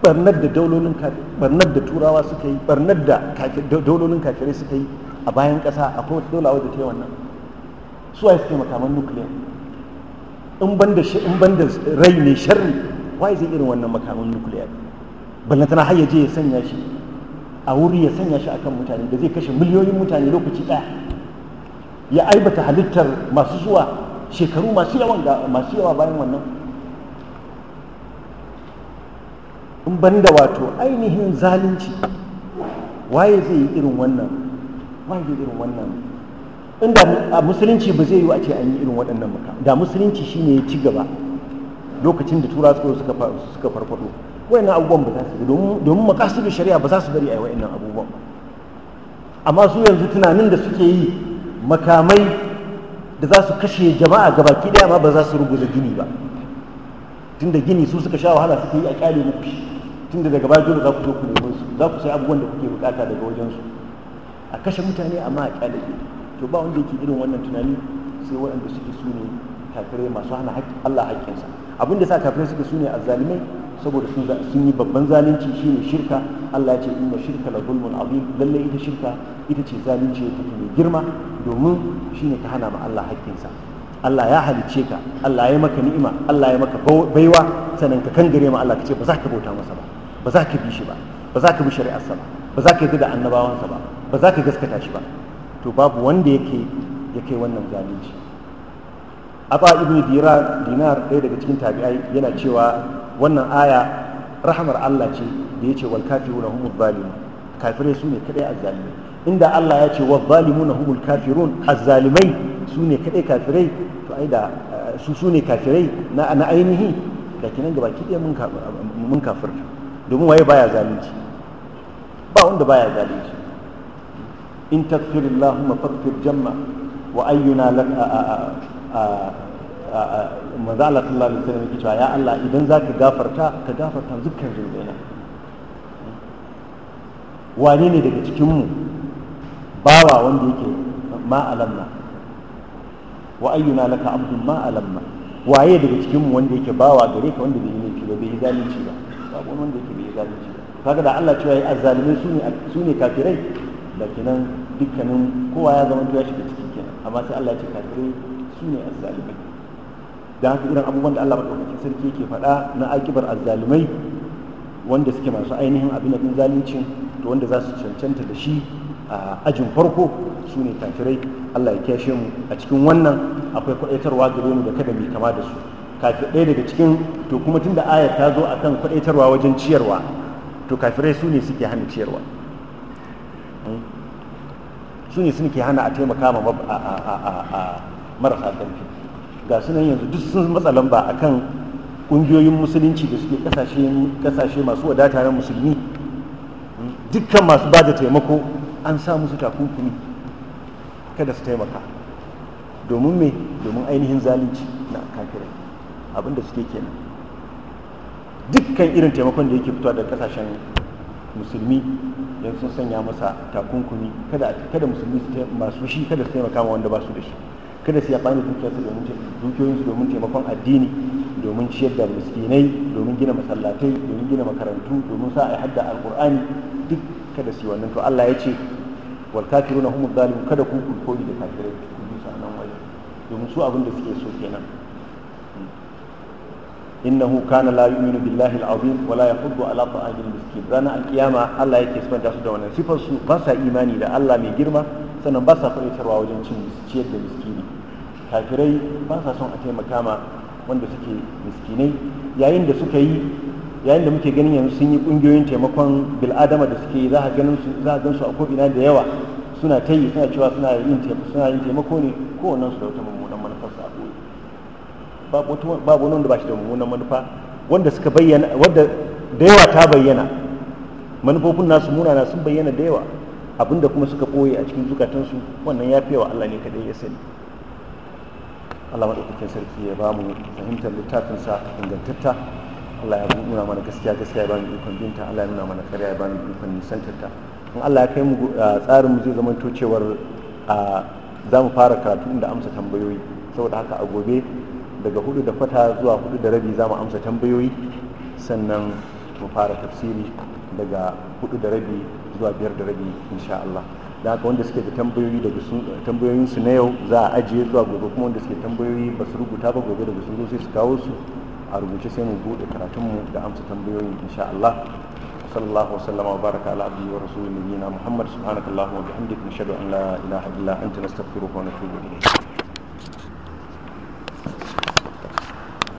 barnar da daulolin barnar da turawa suka yi barnar da daulolin kafirai suka yi a bayan ƙasa akwai wata daula wadda ta yi wannan su ai suke makaman nukiliya in ban da in ban da rai ne sharri wai zai irin wannan makaman nukiliya balantana har ya je ya sanya shi a wuri ya sanya shi akan mutane da zai kashe miliyoyin mutane lokaci ɗaya ya aibata halittar masu zuwa shekaru masu yawan masu yawa bayan wannan in banda wato ainihin zalunci waye zai yi irin wannan waye zai irin wannan inda musulunci ba zai yi a ce an yi irin waɗannan maka da musulunci shine ya ci gaba lokacin da turawa suka farfado wayannan abubuwan ba za su domin domin da shari'a ba za su bari a yi wayannan abubuwan ba amma su yanzu tunanin da suke yi makamai da za su kashe jama'a gabaki daya ma ba za su rubuta gini ba tunda gini su suka sha wahala suke yi a kyale muku tunda daga baya dole za ku zo ku nemi su za ku sai abubuwan da kuke bukata daga wajen su a kashe mutane amma a kyale gini to ba wanda yake irin wannan tunani sai waɗanda suke su ne kafirai masu hana Allah haƙƙinsa abinda sa kafirai suka su ne azzalimai saboda sun yi babban zalunci shi ne shirka Allah ya ce inna shirka la zulmun azim lalle ita shirka ita ce zalunci ta mai girma domin shine ka hana ma Allah haƙƙinsa Allah ya halicce ka Allah ya maka ni'ima Allah ya maka baiwa sannan ka kangare ma Allah ka ce ba za ka bauta masa ba ba za ka bi shi ba ba za ka bi shari'arsa ba ba za ka yi da annabawansa ba ba za ka gaskata shi ba to babu wanda yake kai wannan zalunci aba ibn dinar ɗaya daga cikin tabi'ai yana cewa wannan aya rahamar Allah ce da ya ce wal kafiruna humul zalimun kafirai su ne kadai azzalimai inda Allah ya ce wal zalimuna humul kafirun azzalimai su ne kadai kafirai to ai da eh, su su ne kafirai na na ainihi da kinan gaba ki mun mun kafirta domin waye baya zalunci ba wanda baya zalunci in takfir Allahumma fakfir jamma wa ayyuna lak manzo Allah sallallahu alaihi wasallam cewa ya Allah idan za ka gafarta ka gafarta dukkan zunubaina wane ne daga cikin mu bawa wanda yake ma alamma wa ayyuna laka abdun ma alamma waye daga cikin mu wanda yake bawa gare ka wanda bai yi laifi ba bai yi zalunci ba babu wani wanda yake bai yi zalunci ba kaga da Allah cewa ya azzalimai su ne kafirai da kenan dukkanin kowa ya zama ya shiga ciki kenan amma sai Allah ya ce kafirai su ne azzalimai da haka irin abubuwan da Allah madaukakin sarki ke faɗa na akibar azzalumai wanda suke masu ainihin abin abin zalunci to wanda za su cancanta da shi a ajin farko su ne kafirai Allah ya kyashe mu a cikin wannan akwai kwaɗaitarwa gare mu da kada mai kama da su kafin ɗaya daga cikin to kuma tun da ayar ta zo akan kwaɗaitarwa wajen ciyarwa to kafirai su ne suke hana ciyarwa hmm? su ne suke hana a taimaka ma marasa ƙarfi ga su nan yanzu duk sun matsa lamba kan ƙungiyoyin musulunci da suke kasashe masu wadata na musulmi dukkan masu ba da taimako an sa musu takunkumi kada su taimaka domin me domin ainihin zalunci na kafirai abinda suke kenan dukkan irin taimakon da yake fitowa daga kasashen musulmi yanzu sun sanya masa takunkumi kada musulmi masu shi kada su taimaka ma wanda ba su da shi kada su yaɓa ne dukiyarsu domin dukiyoyinsu domin taimakon addini domin ciyar da miskinai domin gina masallatai domin gina makarantu domin sa a hadda al'kur'ani duk kada su yi wannan to Allah ya ce wal kafiruna hum zalimun kada ku kulkoli da kafirai ku bi nan waje domin su abin da suke so kenan innahu kana la yu'minu billahi al-azim wa la yahuddu ala ta'amil miskin rana al-qiyama Allah yake da su da wannan sifar su ba sa imani da Allah mai girma sannan ba sa fa'itarwa wajen cin ciyar da miskin kafirai ba sa son a taimaka ma wanda suke miskinai yayin da suka yi yayin da muke ganin yanzu sun yi kungiyoyin taimakon bil'adama da suke yi za a ganin su za a gan su a ina da yawa suna ta yi suna cewa suna yin taimako suna yin taimako ne kowannen su da wata mummunan su a koyi babu wani wanda ba shi da mummunan manufa wanda suka bayyana wanda da yawa ta bayyana manufofin nasu munana sun bayyana da yawa abinda kuma suka boye a cikin zukatansu wannan ya fi yawa Allah ne kadai ya sani Allah maɗaukakin sarki ya ba mu fahimtar littafinsa ingantatta Allah ya nuna mana gaskiya gaskiya ya ba mu ikon binta Allah ya nuna mana karya ya ba mu ikon nisantarta in Allah ya kai mu tsarin mu zai zama to cewar za mu fara karatu inda amsa tambayoyi saboda haka a gobe daga hudu da fata zuwa hudu da rabi za mu amsa tambayoyi sannan mu fara tafsiri daga hudu da rabi zuwa biyar da rabi insha Allah da haka wanda suke da tambayoyi daga tambayoyinsu na yau za a ajiye zuwa gobe kuma wanda suke tambayoyi ba su rubuta ba gobe daga sun sai su kawo su a rubuce sai mu buɗe mu da amsa tambayoyin insha Allah sallallahu wasallama wa baraka ala abdi wa rasulina muhammad subhanakallahumma wa bihamdika nashhadu an la ilaha illa anta nastaghfiruka wa natubu ilayk